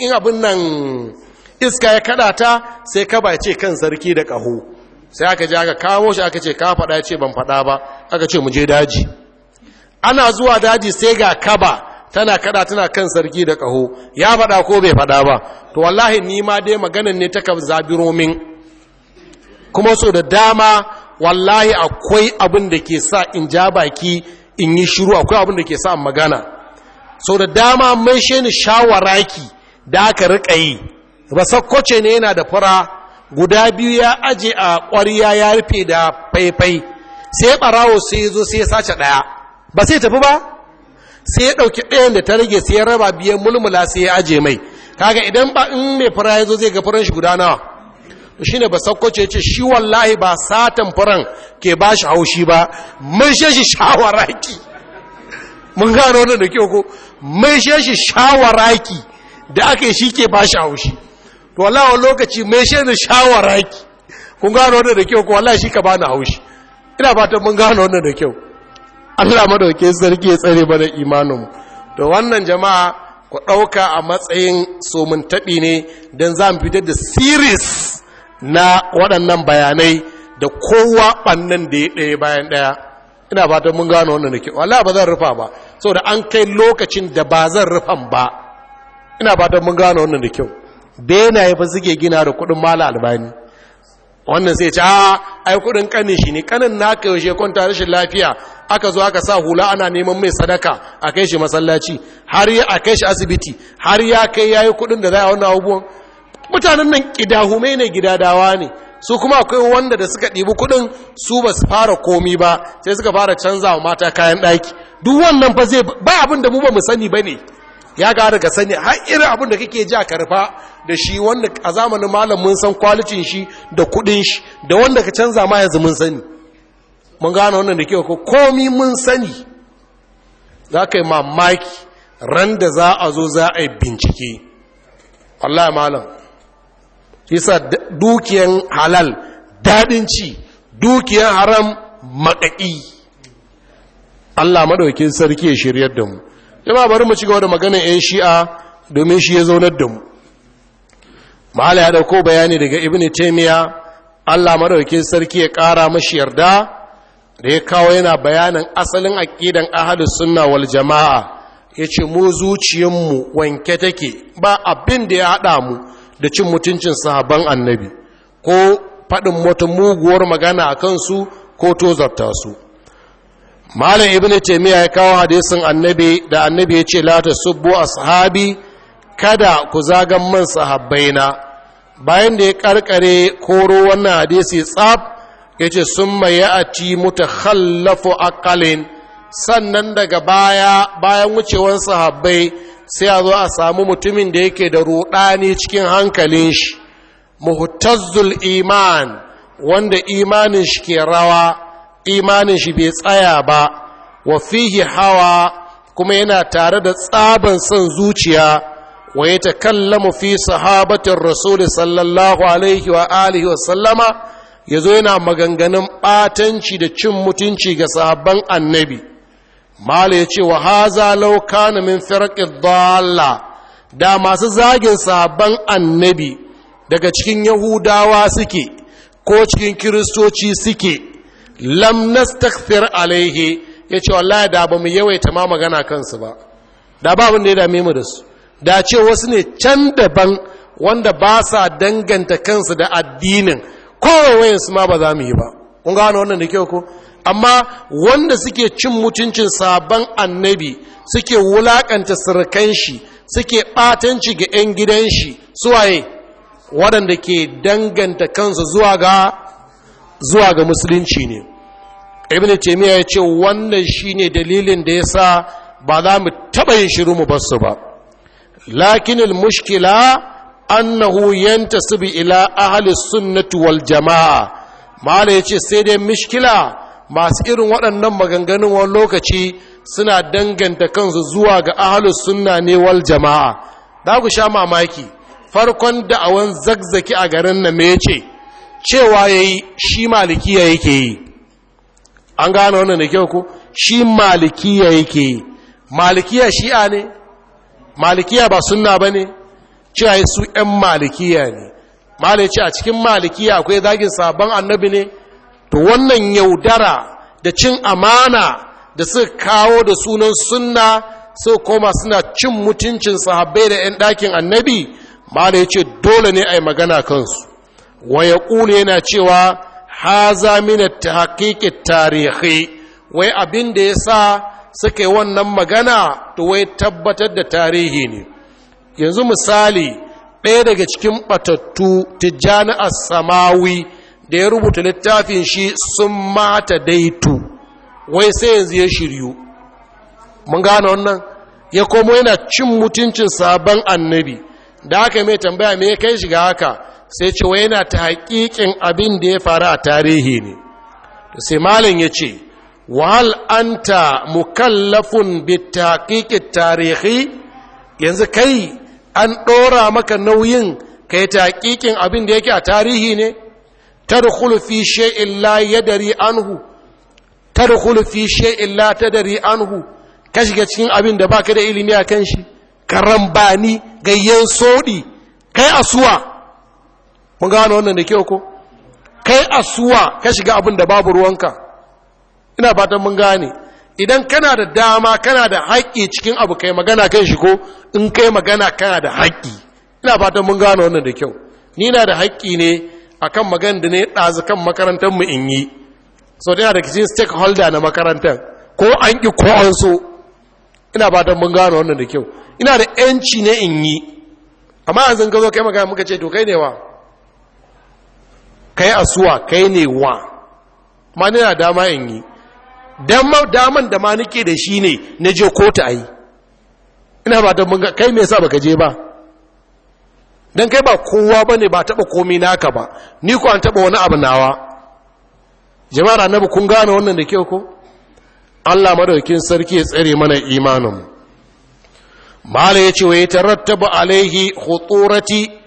in abin nan iska ya kada ta sai kaba ce kan sarki da ƙaho sai aka je aka kawo shi aka ce ka faɗa ce ban faɗa ba aka ce mu je daji ana zuwa daji sai ga kaba tana kada tana kan sarki da ƙaho ya faɗa ko bai faɗa ba to wallahi ni ma dai maganan ne ta kan zabiro min kuma so da dama wallahi akwai abin da ke sa in ja baki in yi shiru akwai abin da ke sa magana so da dama mai she ni shawaraki da aka riƙa yi ba sakkwace ne yana da fura guda biyu ya aje a ƙwariya ya rufe da faifai sai ɓarawo sai zo sai ya sace ɗaya ba sai tafi ba sai ya ɗauki ɗayan da ta rage sai ya raba biyan mulmula sai ya aje mai kaga idan ba in mai fura ya zo zai ga furan shi guda nawa to shine ba sakkwace ce shi wallahi ba satan furan ke ba shi haushi ba mun shi shi shawaraki mun gano wannan da kyau ko mun shi shi shawaraki da aka yi shi ke ba shi haushi to wallahi lokaci mai shi shawara shawaraki kun gano wannan da kyau ko wallahi shi ka bani haushi ina fatan mun gano wannan da kyau Allah madauke sarki ya tsare mana mu to wannan jama'a ku ɗauka a matsayin somin tabi ne don za mu fitar da series na waɗannan bayanai da kowa ɓannan da ya ɗaya bayan ɗaya ina fatan mun gano wannan da wallahi ba zan rufa ba saboda an kai lokacin da ba zan rufan ba ina fatan mun gano wannan da kyau benaye ba suke gina da kuɗin mala albani wannan sai ce a ah, ai kudin kanin shi ne kanin naka yaushe kwanta rashin lafiya aka zo aka sa hula ana neman mai sadaka a kai shi masallaci har ya a kai shi asibiti har ya kai yayi kudin da za a wannan abubuwan mutanen nan kidahume ne gidadawa ne su kuma akwai wanda da suka ɗibi kudin su ba su fara komi ba sai suka fara canza wa mata kayan ɗaki duk wannan ba zai ba abin da mu ba mu sani ba ne ya gara ga sani har irin abin da kake ji a karfa da shi wanda a zamanin malam mun san kwalicin shi da kudin shi da wanda ka canza ma yanzu mun sani mun gano wannan da kyau ko komi mun sani za ka yi mamaki ran da za a zo za a yi bincike Allah malam isa dukiyan halal daɗin ci dukiyan haram maƙaƙi Allah maɗaukin sarki ya shiryar da mu yaba bari mu cigaba da maganar yan shi'a domin shi ya zaunar da mu mahala ya dauko bayani daga Ibn taymiya Allah maraukin sarki ya kara mashi yarda da ya kawo yana bayanin asalin aqidan ahlus sunna wal jamaa ce mu mu wanke take ba abin da ya haɗa mu da cin mutuncin sahaban annabi ko faɗin wata muguwar magana a kansu ko tozarta su malam ibnu taymiya ya kawo hadisin annabi da annabi ya ce la subbu ashabi kada ku zagan man sahabbaina bayan da ya karkare koro wannan hadisi tsab ya yace summa ya'ti mutakhallafu aqalin sannan daga baya bayan wucewar sahabbai sai a zo a samu mutumin da yake da rudani cikin hankalin shi muhtazzul iman wanda imanin shi ke rawa imanin shi bai tsaya ba wa fihi hawa kuma yana tare da tsaban son zuciya wa ya takallamu fi sahabatin rasul sallallahu alaihi wa alihi wa sallama yazo yana maganganun batanci da cin mutunci ga sahabban annabi mala ya ce wa haza law kana min firqi dalla da masu zagin sahabban annabi daga cikin yahudawa suke ko cikin kiristoci suke lam alaihe alaihi yace wallahi da ba mu yawaita ma magana kansu ba da ba abin da ya dame mu da su da ce wasu ne can daban wanda ba sa danganta kansu da addinin kowayen su ma ba za mu yi ba kun gano wannan da kyau ko amma wanda suke cin mutuncin sabon annabi suke wulakanta sirkan shi suke batanci ga 'yan gidan shi suwaye waɗanda ke danganta kansu zuwa ga musulunci ne ibn taymiya ya ce wannan shine dalilin da yasa ba za mu taba yin shiru mu basu ba lakin al-mushkila annahu yantasibu ila ahli sunnati wal jamaa mala yace sai dai mushkila masu irin waɗannan maganganun wani lokaci suna danganta kansu zuwa ga ahli sunna ne wal jama'a da ku sha mamaki farkon da'awan zagzaki a garin nan me yace cewa yayi shi malikiya yake yi an gane wannan da kyau ko shi malikiya yake yi malikiya shi'a ne malikiya ba sunna ba ne cewa su 'yan malikiya ne malai ce a cikin malikiya akwai zagin sabon annabi ne to wannan yaudara da cin amana da suka kawo da sunan sunna su koma suna cin mutuncin sahabbai da 'yan ɗakin annabi malai ce dole ne a yi magana kansu waya ƙule yana cewa haza min tahqiqit tarihi wai abin da yasa suka yi wannan magana to wai tabbatar da tarihi ne yanzu misali ɗaya daga cikin batattu tijjani as-samawi da ya rubuta littafin shi sun mata daitu wai sai yanzu ya shiryu mun gane wannan ya komo yana cin mutuncin sabon annabi da aka mai tambaya me ya kai shiga haka sai ce wa yana ta haƙiƙin abin da ya faru a tarihi ne sai malin ya ce wahal mu mukallafun bi haƙiƙin tarihi yanzu kai an ɗora maka nauyin ka yi taƙiƙin abin da yake a tarihi ne tadkhulu fi shay'in la anhu tadkhulu fi anhu ka shiga cikin abin da ba ka da ilimi a kan shi karambani gayyen soɗi kai asuwa Mun gano wannan da kyau ko kai asuwa ka shiga abin da babu ruwanka ina fatan mun gane idan kana da dama kana da haƙƙi cikin abu kai magana kai shi ko in kai magana kana da haƙƙi ina fatan mun gano wannan da kyau ni na da haƙƙi ne akan magana da ne ɗazu kan makarantar mu in yi so da da cikin stakeholder na makarantar ko an ƙi ko an so ina fatan mun gano wannan da kyau ina da yanci ne in yi amma yanzu ka zo kai magana muka ce to kai ne wa kai asuwa kai ne wa ma na dama in yi daman da ma nike da shi ne na je kotu a yi ina ba don kai me sa baka je ba don kai ba kowa ba ne ba taɓa komi naka ba ni ko an taɓa wani abu nawa jama'a annabi kun gane wannan da kyau ko Allah madaukin sarki ya tsare mana imanin mala ce wa ya rattaba alaihi khuturati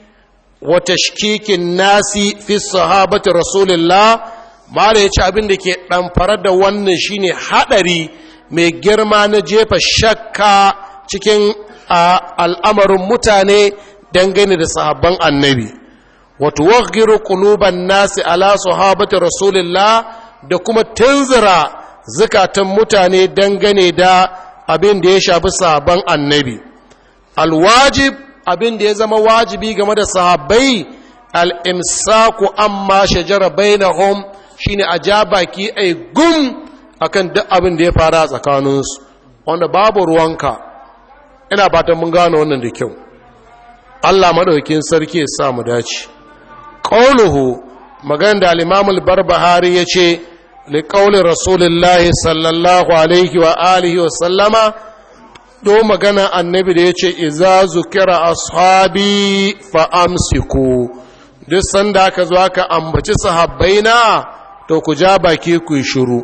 Wata tashkikin nasi fi sahabati rasulillah mala ya ci abin da ke ɗamfara da wannan shine haɗari mai girma na jefa shakka cikin al'amarin mutane dangane da sahabban annabi Wata wagiru kunuban nasi ala sahabati rasulillah da kuma tunzura zukatan mutane dangane da abin da ya shafi sahabban annabi alwajib abin da ya zama wajibi game da sahabbai al'imsaku amma shajara shi ne a ja baki a gum akan duk abin da ya fara tsakaninsu wanda babu ruwanka ina ta mun gano wannan da kyau Allah maɗaukin sarki ya sa dace qauluhu maganin da alimamul bar buhari barbahari yace li qauli Rasulillah sallallahu alaihi wa alihi wa sallama ɗo magana annabi da ya ce iza zukira ashabi fa amsiku duk sanda aka zo aka ambaci sahabbaina to ku ja baki ku shiru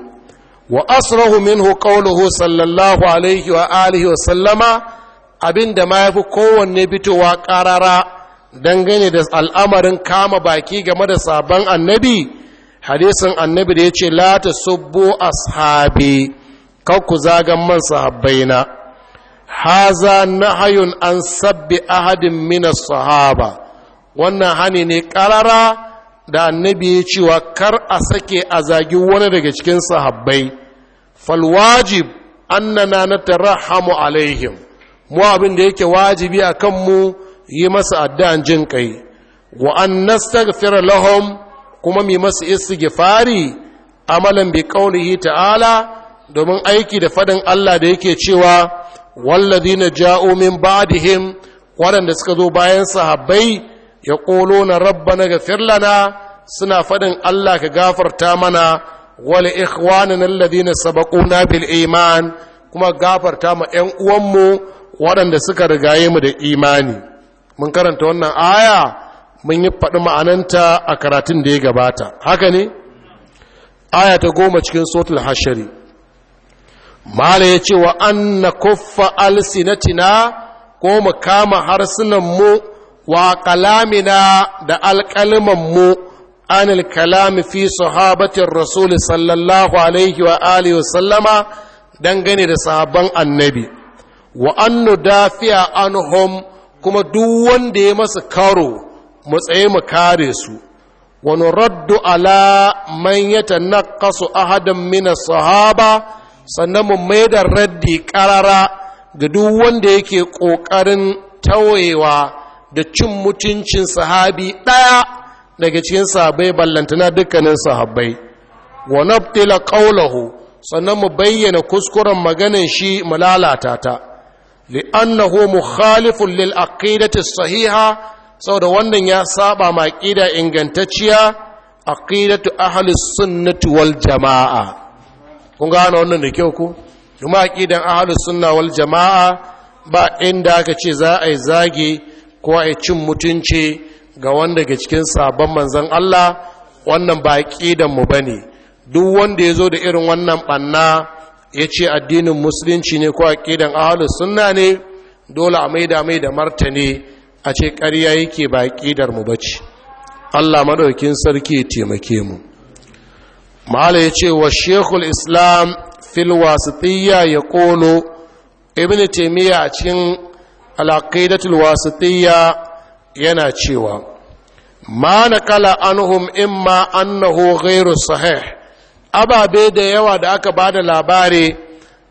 wa asrahu minhu qawluhu sallallahu alaihi wa alihi wa sallama abinda ma yafi kowanne fitowa karara dangane da al'amarin kama baki game da sabon annabi hadisin annabi da ya ce la tasubbu ashabi kar ku zagan man sahabbaina haza nahayun an sabbi ahadin mina sahaba wannan hani ne karara da annabi ya cewa kar a sake a zagi wani daga cikin sahabbai falwajib annana natarhamu alaihim mu abin da yake wajibi a kanmu yi masa addu'an jin kai wa an nastaghfira lahum kuma mi masu istighfari amalan bi ta'ala domin aiki da fadin Allah da yake cewa walladina ja'o min ba'dihim waɗanda suka zo bayan sahabbai ya ƙolo na rabbana gafir lana suna faɗin Allah ka gafarta mana wal na sabaƙo na bil iman kuma gafarta ma yan uwanmu waɗanda suka rigaye mu da imani mun karanta wannan aya mun yi faɗi ma'ananta a karatun da ya gabata haka ne aya ta goma cikin sotul hashari mala ya ce wa an na kuffa alsinatina ko mu kama harsunanmu wa kalamina da alkalmanmu an alkalami fi sahabatin rasuli sallallahu alaihi wa alihi sallama dangane da sahabban annabi wa an dafiya anhum kuma duk wanda ya masu karo mu tsaye mu kare su wani raddu ala man ta naƙasu ahadan mina sahaba sannan mu maida raddi ƙarara ga duk wanda yake ƙoƙarin tawayewa da cin mutuncin sahabi ɗaya daga cikin sahabai ballantana dukkanin sahabbai wa nabtila qawlahu sannan mu bayyana kuskuren maganar shi mu lalata ta li'annahu mukhalifun lil aqidati sahiha saboda wannan ya saba ma aqida ingantacciya aqidatu ahli sunnati wal jama'a kun gano wannan da kyau ku kuma aqidan ahlus sunna wal jamaa ba inda aka ce za a yi zage ko a cin mutunci ga wanda ke cikin sabon manzon Allah wannan ba aqidan mu bane duk wanda yazo da irin wannan banna yace addinin musulunci ne ko aqidan ahlus sunna ne dole a maida mai da martani a ce ƙarya yake ba aqidar mu bace Allah madaukin sarki ya taimake mu mahala ya ce wa shekul islam fil wasitiyya ya kolo ibn taimiyya a cikin alaƙidatul wasitiyya yana cewa ma na kala anhum imma annahu ghairu sahih ababe da yawa da aka ba da labari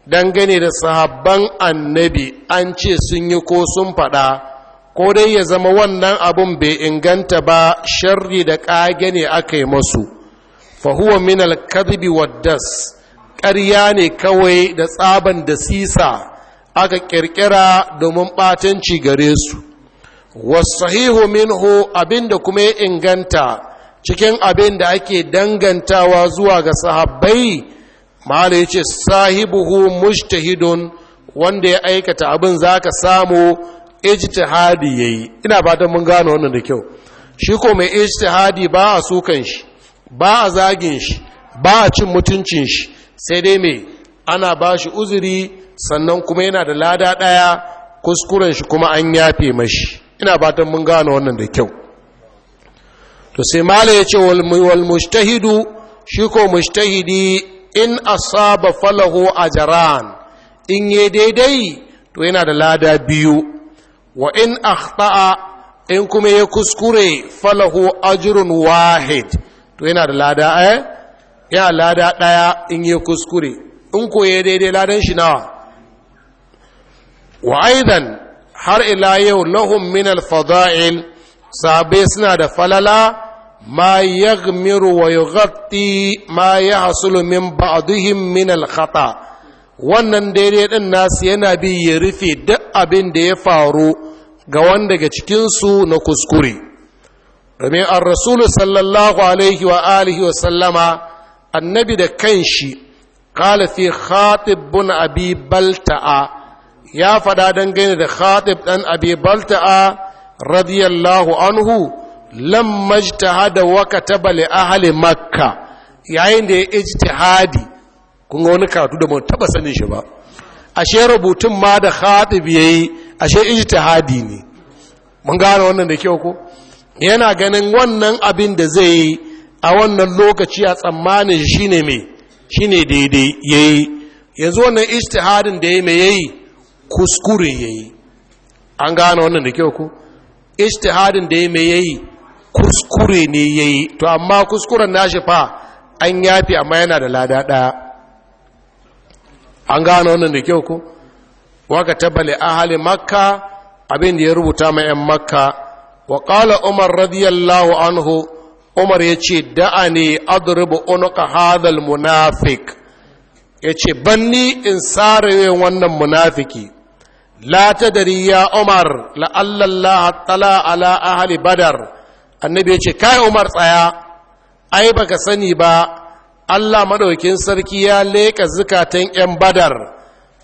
dangane da sahabban annabi an ce sun yi ko sun faɗa ko dai ya zama wannan abun bai inganta ba sharri da ƙage ne aka yi masu fa huwa min al-kadhibi wad-das ƙarya ne kawai da tsaban da sisa aka ƙirƙira domin ɓatanci gare su sahihu minhu abinda kuma ya inganta cikin abin da ake dangantawa zuwa ga sahabbai mala ya ce sahibuhu mujtahidun wanda ya aikata abin za ka samu ijtihadi ya yi ina ba mun gano wannan da kyau shi ko mai ijtihadi ba a sukan shi ba a zagin shi ba a cin mutuncin shi sai dai mai ana ba shi uzuri sannan kuma yana da lada ɗaya kuskuren shi kuma an yafe mashi ina fatan mun gano wannan da kyau to sai mala ya ce wal mushtahidu shi ko mushtahidi in asaba falahu ajran in yi daidai to yana da lada biyu wa in akhta in kuma ya kuskure falahu ajrun wahid to yana da lada ɗaya eh? ya lada ɗaya in yi kuskure in koye daidai ladan shi nawa wa aidan har ila yau lahum min alfada'il sabe suna da falala ma yagmiru wa yughatti ma yahsulu min ba'dihim min alkhata wannan daidai din nasu yana bi ya rufe duk abin da ya faru ga wanda daga cikinsu na kuskure domin an rasulu sallallahu alaihi wa alihi wa sallama annabi da kanshi qala fi khatib bun abi balta'a ya fada dangane da khatib dan abi balta'a radiyallahu anhu lamma ijtahada wa kataba li ahli makka yayin da ya ijtihadi kun ga wani karatu da mun taba sanin shi ba ashe rubutun ma da khatib yayi ashe ijtihadi ne mun gane wannan da kyau ko yana ganin wannan abin da zai yi a wannan lokaci a tsammanin shi ne mai shi ne daidai ya yi yanzu wannan istihadin da ya yi mai ya yi kuskure ya yi an gane wannan da kyau ku istihadin da ya yi mai ya yi kuskure ne ya yi to amma kuskuren shi fa an yafi amma yana da lada ɗaya an gane wannan da kyau ku waka tabbale ahali makka abin da ya rubuta ma 'yan makka wa qala umar radiyallahu anhu umar yace da'ani adribu unuka hadal munafik yace banni in sarewe wannan munafiki la tadri ya umar la allah tala ala ahli badar annabi yace kai umar tsaya ai baka sani ba Allah madaukin sarki ya leka zukatan yan badar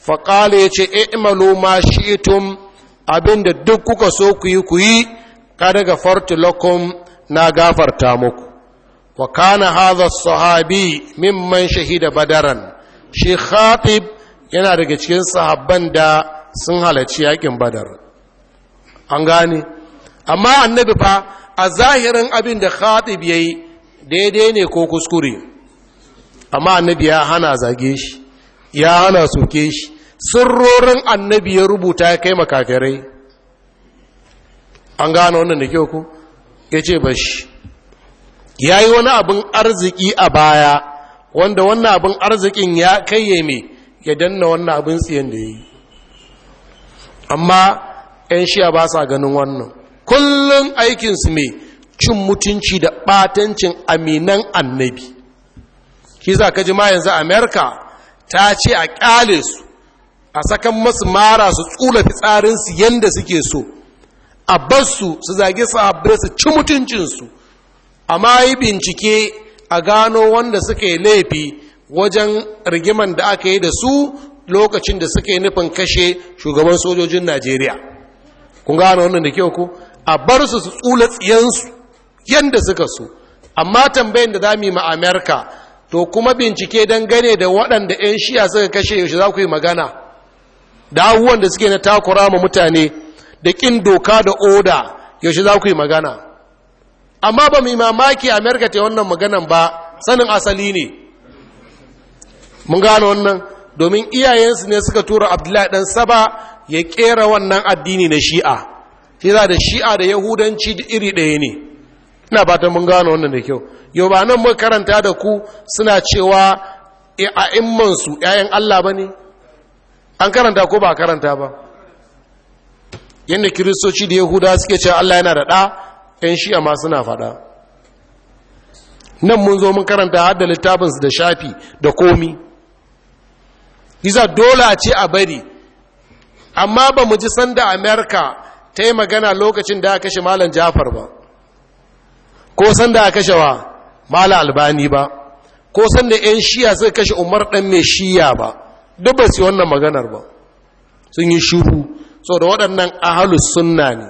faƙale ya ce i'malu ma shi'tum abinda duk kuka so ku yi ku yi kada gafartu lokum na gafarta muku wa kana hadha sahabi mimman shahida badaran shi khatib yana daga cikin sahabban da sun halarci yakin badar an gane amma annabi fa a zahirin abin da khatib yayi daidai ne ko kuskure amma annabi ya hana zage shi ya hana soke shi sirrorin annabi ya rubuta ya kai makafirai an gano wannan da kyau ku ya ce ba shi ya yi wani abin arziki a baya wanda wannan abin arzikin ya kayye mai ya danna wannan abin tsiyan da ya yi amma 'yan shiya ba sa ganin wannan kullum aikinsu mai cin mutunci da ɓatancin aminan annabi shi za ka ji ma yanzu amerika ta ce a ƙyale su a sakan masu mara su tsula fitsarinsu yadda suke so a basu su zage sahabbai su ci mutuncinsu amma yi bincike a gano wanda suka yi laifi wajen rigiman da aka yi da su lokacin da suka yi nufin kashe shugaban sojojin najeriya kun gano wannan da kyau ku a bar su su tsula tsiyansu yadda suka so amma tambayin da za mu ma amerika to kuma bincike don gane da waɗanda 'yan shiya suka kashe yaushe za ku yi magana da abubuwan da suke na takura ma mutane da ƙin doka da oda yaushe za ku yi magana amma ba mai mamaki amerika ta wannan maganan ba sanin asali ne mun gano wannan domin iyayensu ne suka tura abdullahi dan saba ya ƙera wannan addini na shi'a shi za da shi'a da yahudanci iri ɗaya ne ina fatan mun gano wannan da kyau yau ba nan mun da ku suna cewa eh, a immansu 'ya'yan allah ba ne an karanta ko ba karanta ba yadda kiristoci da yahuda suke cewa allah yana da ɗa yan shi'a ma suna faɗa nan mun zo mun karanta har da littafinsu da shafi da komi isa dole a ce a bari amma ba mu ji sanda amerika ta yi magana lokacin da aka kashe malam jafar ba ko sanda aka kashe wa malam albani ba ko sanda 'yan shiya suka kashe umar dan mai shiya ba duk ba su wannan maganar ba sun yi shuhu so da waɗannan ahalus sunna ne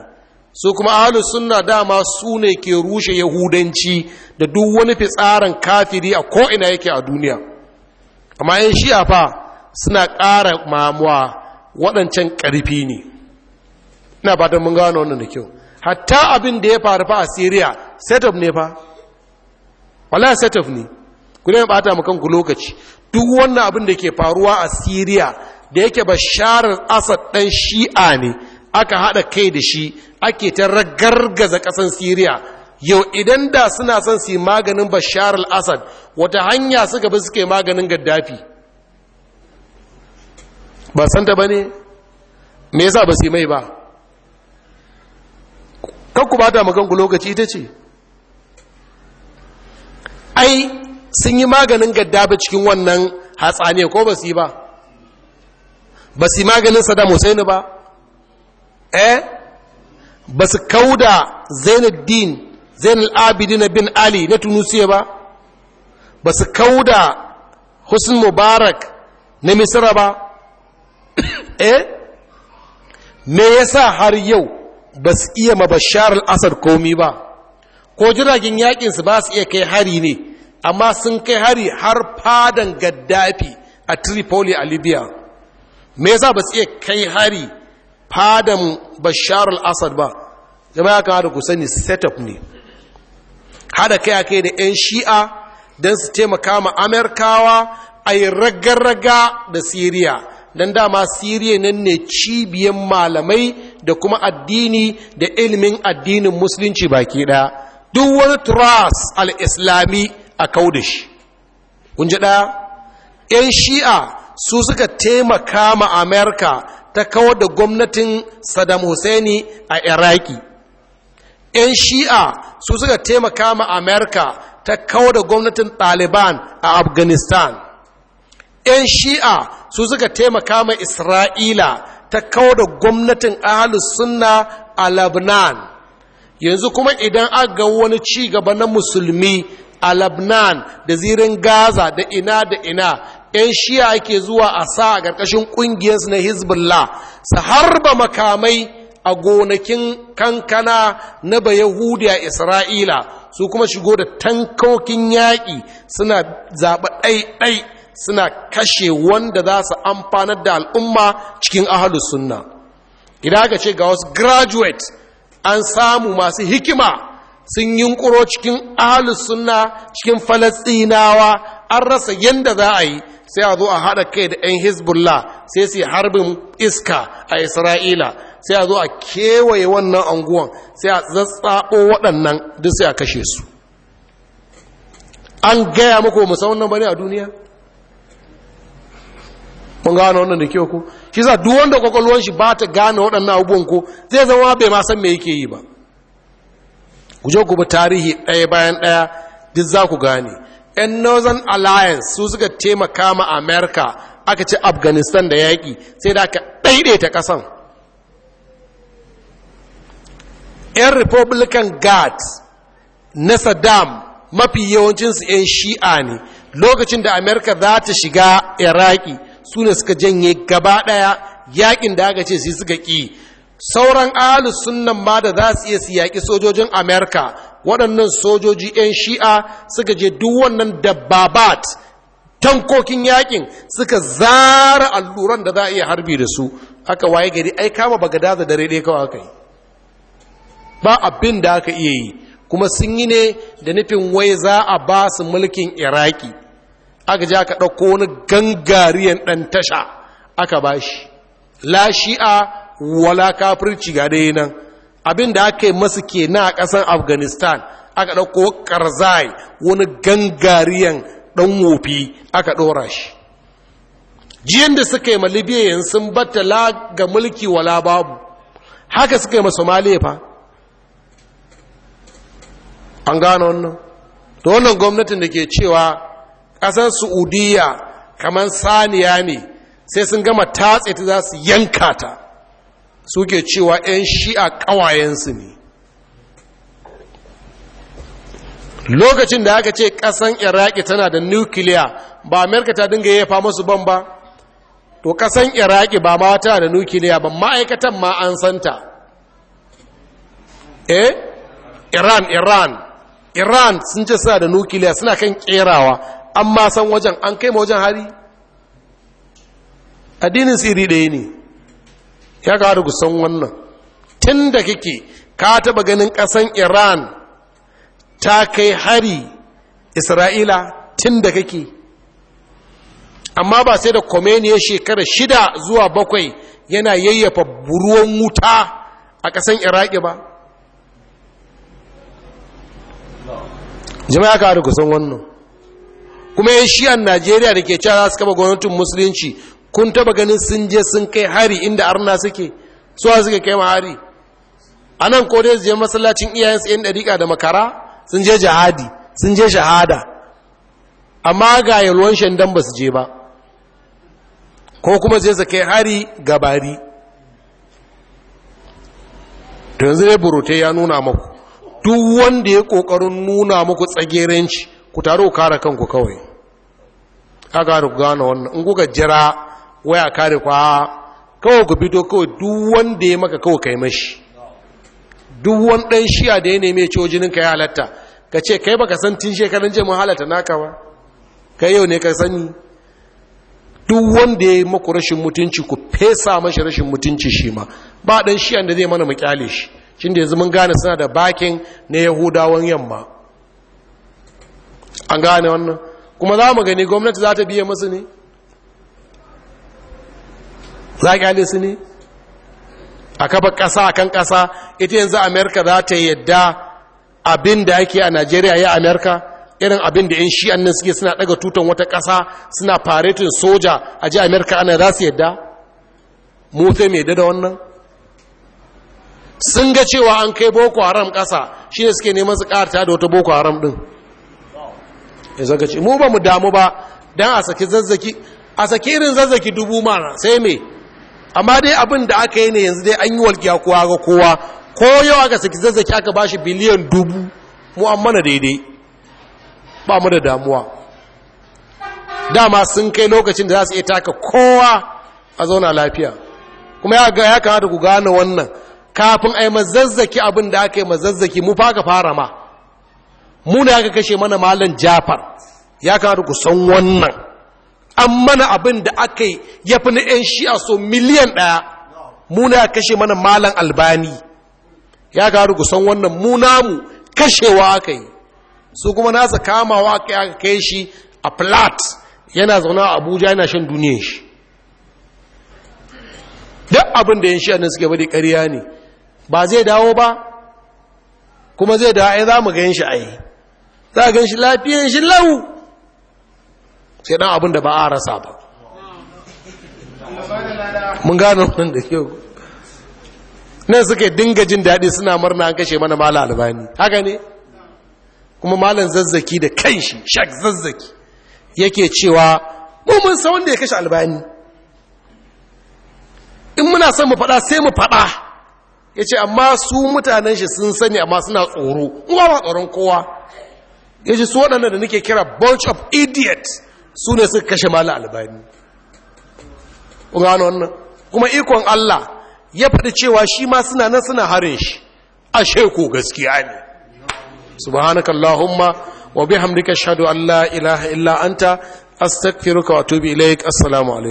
su kuma ahalus sunna dama su ne ke rushe yahudanci da duk wani fitsarin kafiri a ko'ina yake a duniya amma yin shi'a fa suna ƙara mamuwa waɗancan ƙarfi ne ina ba mun gano wannan da kyau hatta abin da ya faru fa a syria setup ne fa wala setup ne ku ne ɓata mu kanku lokaci duk wannan abin da ke faruwa a Siriya. da yake basharar asad ɗan shi'a ne aka haɗa kai da shi ake ta ragargaza ƙasan siriya yau idan da suna son su yi maganin bashar al-asad wata hanya suka bi suke maganin gaddafi ba san ta ba ne me yasa ba su mai ba kakku ba ta maganku lokaci ita ce ai sun yi maganin gaddafi cikin wannan hatsaniya ko ba su yi ba ba su maganin saddam hussein ba eh ba su kauda zainuddin zainul abidin bin ali na tunusiya ba ba su kauda husn mubarak na misira ba eh me yasa har yau ba su iya mabashar al'asar komi ba ko jiragen yakinsu ba su iya kai hari ne amma sun kai hari har fadan gaddafi a tripoli a libya me yasa ba su iya kai hari fadan bashar al-asad ba zama ya ka da ku sani setup ne hada kai a kai da 'yan shi'a don su taimaka ma amerikawa a yi raga da siriya don dama siriya nan ne cibiyan malamai da kuma addini da ilimin addinin musulunci baki ɗaya duk wani turas al-islami a kaudish kun ji ɗaya 'yan shi'a su suka taimaka ma amerika ta kawar da gwamnatin saddam hussein a iraki 'yan shi'a su suka taimaka ma amerika ta kawar da gwamnatin taliban a afghanistan 'yan shi'a su suka taimaka ma isra'ila ta kawar da gwamnatin ahalus sunna a Labnan. yanzu kuma idan aka wani ci gaba na musulmi a Labnan, da zirin Gaza da ina da ina ‘yan shiya ake zuwa a sa a ƙarƙashin ƙungiyarsu na hezbollah su harba makamai a gonakin kankana na yahudiya isra'ila su kuma shigo da tankokin yaƙi suna zaɓa ɗai-ɗai suna kashe wanda za su amfanar da al'umma cikin ahalus sunna idan aka ce ga wasu graduate an samu masu hikima sun yunƙuro cikin ahalus sunna cikin falastinawa an rasa yadda za a yi sai a zo a haɗa kai da 'yan hezbollah sai su harbin iska a isra'ila sai a zo a kewaye wannan anguwan sai a zazzabo waɗannan duk sai a kashe su an gaya muku musamman bane a duniya kun gano wannan da kyau ko shi za duk wanda kwakwalwar shi ba ta gane waɗannan abubuwan ko zai zama bai ma san me yake yi ba ku je ku bi tarihi ɗaya bayan ɗaya duk za ku gane 'yan northern alliance su suka taimaka ma america aka ci afghanistan da yaƙi sai da aka ɗaiɗaita ƙasan 'yan republican Guards na saddam mafi yawancinsu 'yan shi'a ne lokacin da america za ta shiga iraki su ne suka janye gaba ɗaya yaƙin da aka ce su suka ƙi sauran ahalus sunnan ma da za su iya yaƙi sojojin amerika waɗannan sojoji 'yan shi'a suka je duk wannan dabbabat tankokin yaƙin, suka zara alluran da za a iya harbi da su aka waye gari ai kama baga da dare ɗaya kawai aka yi ba abin da aka iya yi kuma sun yi ne da nufin wai za a ba su mulkin iraki aka ja aka ɗauko wani gangariyan ɗan tasha aka ba shi la shi'a wala kafirci ga dai nan abin da aka yi masu ke na a ƙasan afghanistan aka ɗauko karzai wani gangariyan ɗan wofi aka ɗora shi jiyan da suka yi ma libya sun batta ga mulki wala babu haka suka yi ma somaliya fa an gano wannan da wannan gwamnatin da ke cewa ƙasar sa'udiya kamar saniya ne sai sun gama tatse ta za su yanka ta suke cewa 'yan shi'a ƙawayensu ne lokacin da aka ce kasan iraki tana da nukiliya ba amerika ta dinga yafa masu ban ba to kasan iraki ba ma tana da nukiliya ba ma'aikatan ma an santa eh iran iran iran sun ce suna da nukiliya suna kan kerawa ma san wajen an kai ma wajen hari addinin siri ɗaya ne ya kawo ku san wannan tun da kike ka taba ganin ƙasan iran ta kai hari isra'ila tun da kike amma ba sai da komeni ya shekara shida zuwa bakwai yana yayyafa ruwan wuta a ƙasan iraki ba jama'a ka da wannan kuma yan shi'an najeriya da ke cewa za su kama gwamnatin musulunci kun taba ganin sun je sun kai hari inda arna suke suwa suke kai ma hari a nan ko dai su je masallacin iyayen su yan dariqa da makara sun je jihadi sun je shahada amma ga yalwan shandan ba su je ba ko kuma je su kai hari gabari to yanzu dai burute ya nuna maku duk wanda ya kokarin nuna muku tsagerenci ku taru kare kanku kawai aka gano wannan in kuka jira waya kare kwa kawai ku fito kawai duk wanda ya maka kawai kai mashi duk wanda ɗan shiya da ya neme ce jinin ka ya halatta ka ce kai baka san tun shekarun je halatta naka ba kai yau ne ka sani duk wanda ya maku rashin mutunci ku fesa mashi rashin mutunci shi ma ba ɗan shiyan da zai mana mu shi shi da yanzu mun gane suna da bakin na yahudawan yamma an gane wannan kuma za mu gani gwamnati za ta biya masu ne za a gane su ne a kafa ƙasa a kan ƙasa ita yanzu amerika za ta yadda abin da yake a najeriya ya amerika irin abin da 'yan shi'an nan suke suna ɗaga tutan wata ƙasa suna faretin soja a ji amerika ana za su yadda mota mai da wannan sun ga cewa an kai boko haram ƙasa shi ne suke neman su ƙarta da wata boko haram ɗin ya zaga mu ba mu damu ba don a saki zazzaki a saki irin zazzaki dubu mara sai mai amma dai abin da aka yi ne yanzu dai an yi walƙiya kowa ga kowa ko yau aka saki zazzaki aka ba shi biliyan dubu mu an mana daidai ba mu da damuwa dama sun kai lokacin da za su iya taka kowa a zauna lafiya kuma ya ga ya kamata ku gane wannan kafin a yi mazazzaki abin da aka yi mazazzaki mu fa ka fara ma mu ne aka kashe mana malam jafar ya kamata ku san wannan an mana abin da aka yi ya fi na 'yan shi'a so miliyan ɗaya muna kashe mana malan albani ya gari gusan wannan muna mu kashewa aka yi su kuma nasa kamawa aka kai shi a plat yana zauna a abuja yana shan duniyan shi duk abin da 'yan shi'a nan suke bari ƙarya ne ba zai dawo ba kuma zai dawo ai za mu gan shi ai za a gan shi lafiyan shi lau sai dan abin da ba a rasa ba mun gano nan da kyau nan suka dinga jin daɗi suna murna an kashe mana mala albani haka ne kuma malan zazzaki da kanshi shak zazzaki yake cewa mu mun san wanda ya kashe albani in muna son mu faɗa sai mu faɗa ya ce amma su mutanen shi sun sani amma suna tsoro uwa ba tsoron kowa ya ce su waɗanda da nake kira bunch of idiots su ne suka kashe mala albani kuma ikon Allah ya faɗi cewa shi ma suna nan suna harin shi ashe ko gaskiya ne subhanaka allahumma wa bihamdika ashhadu an la ilaha illa anta astaghfiruka wa atubu ilaik assalamu alaikum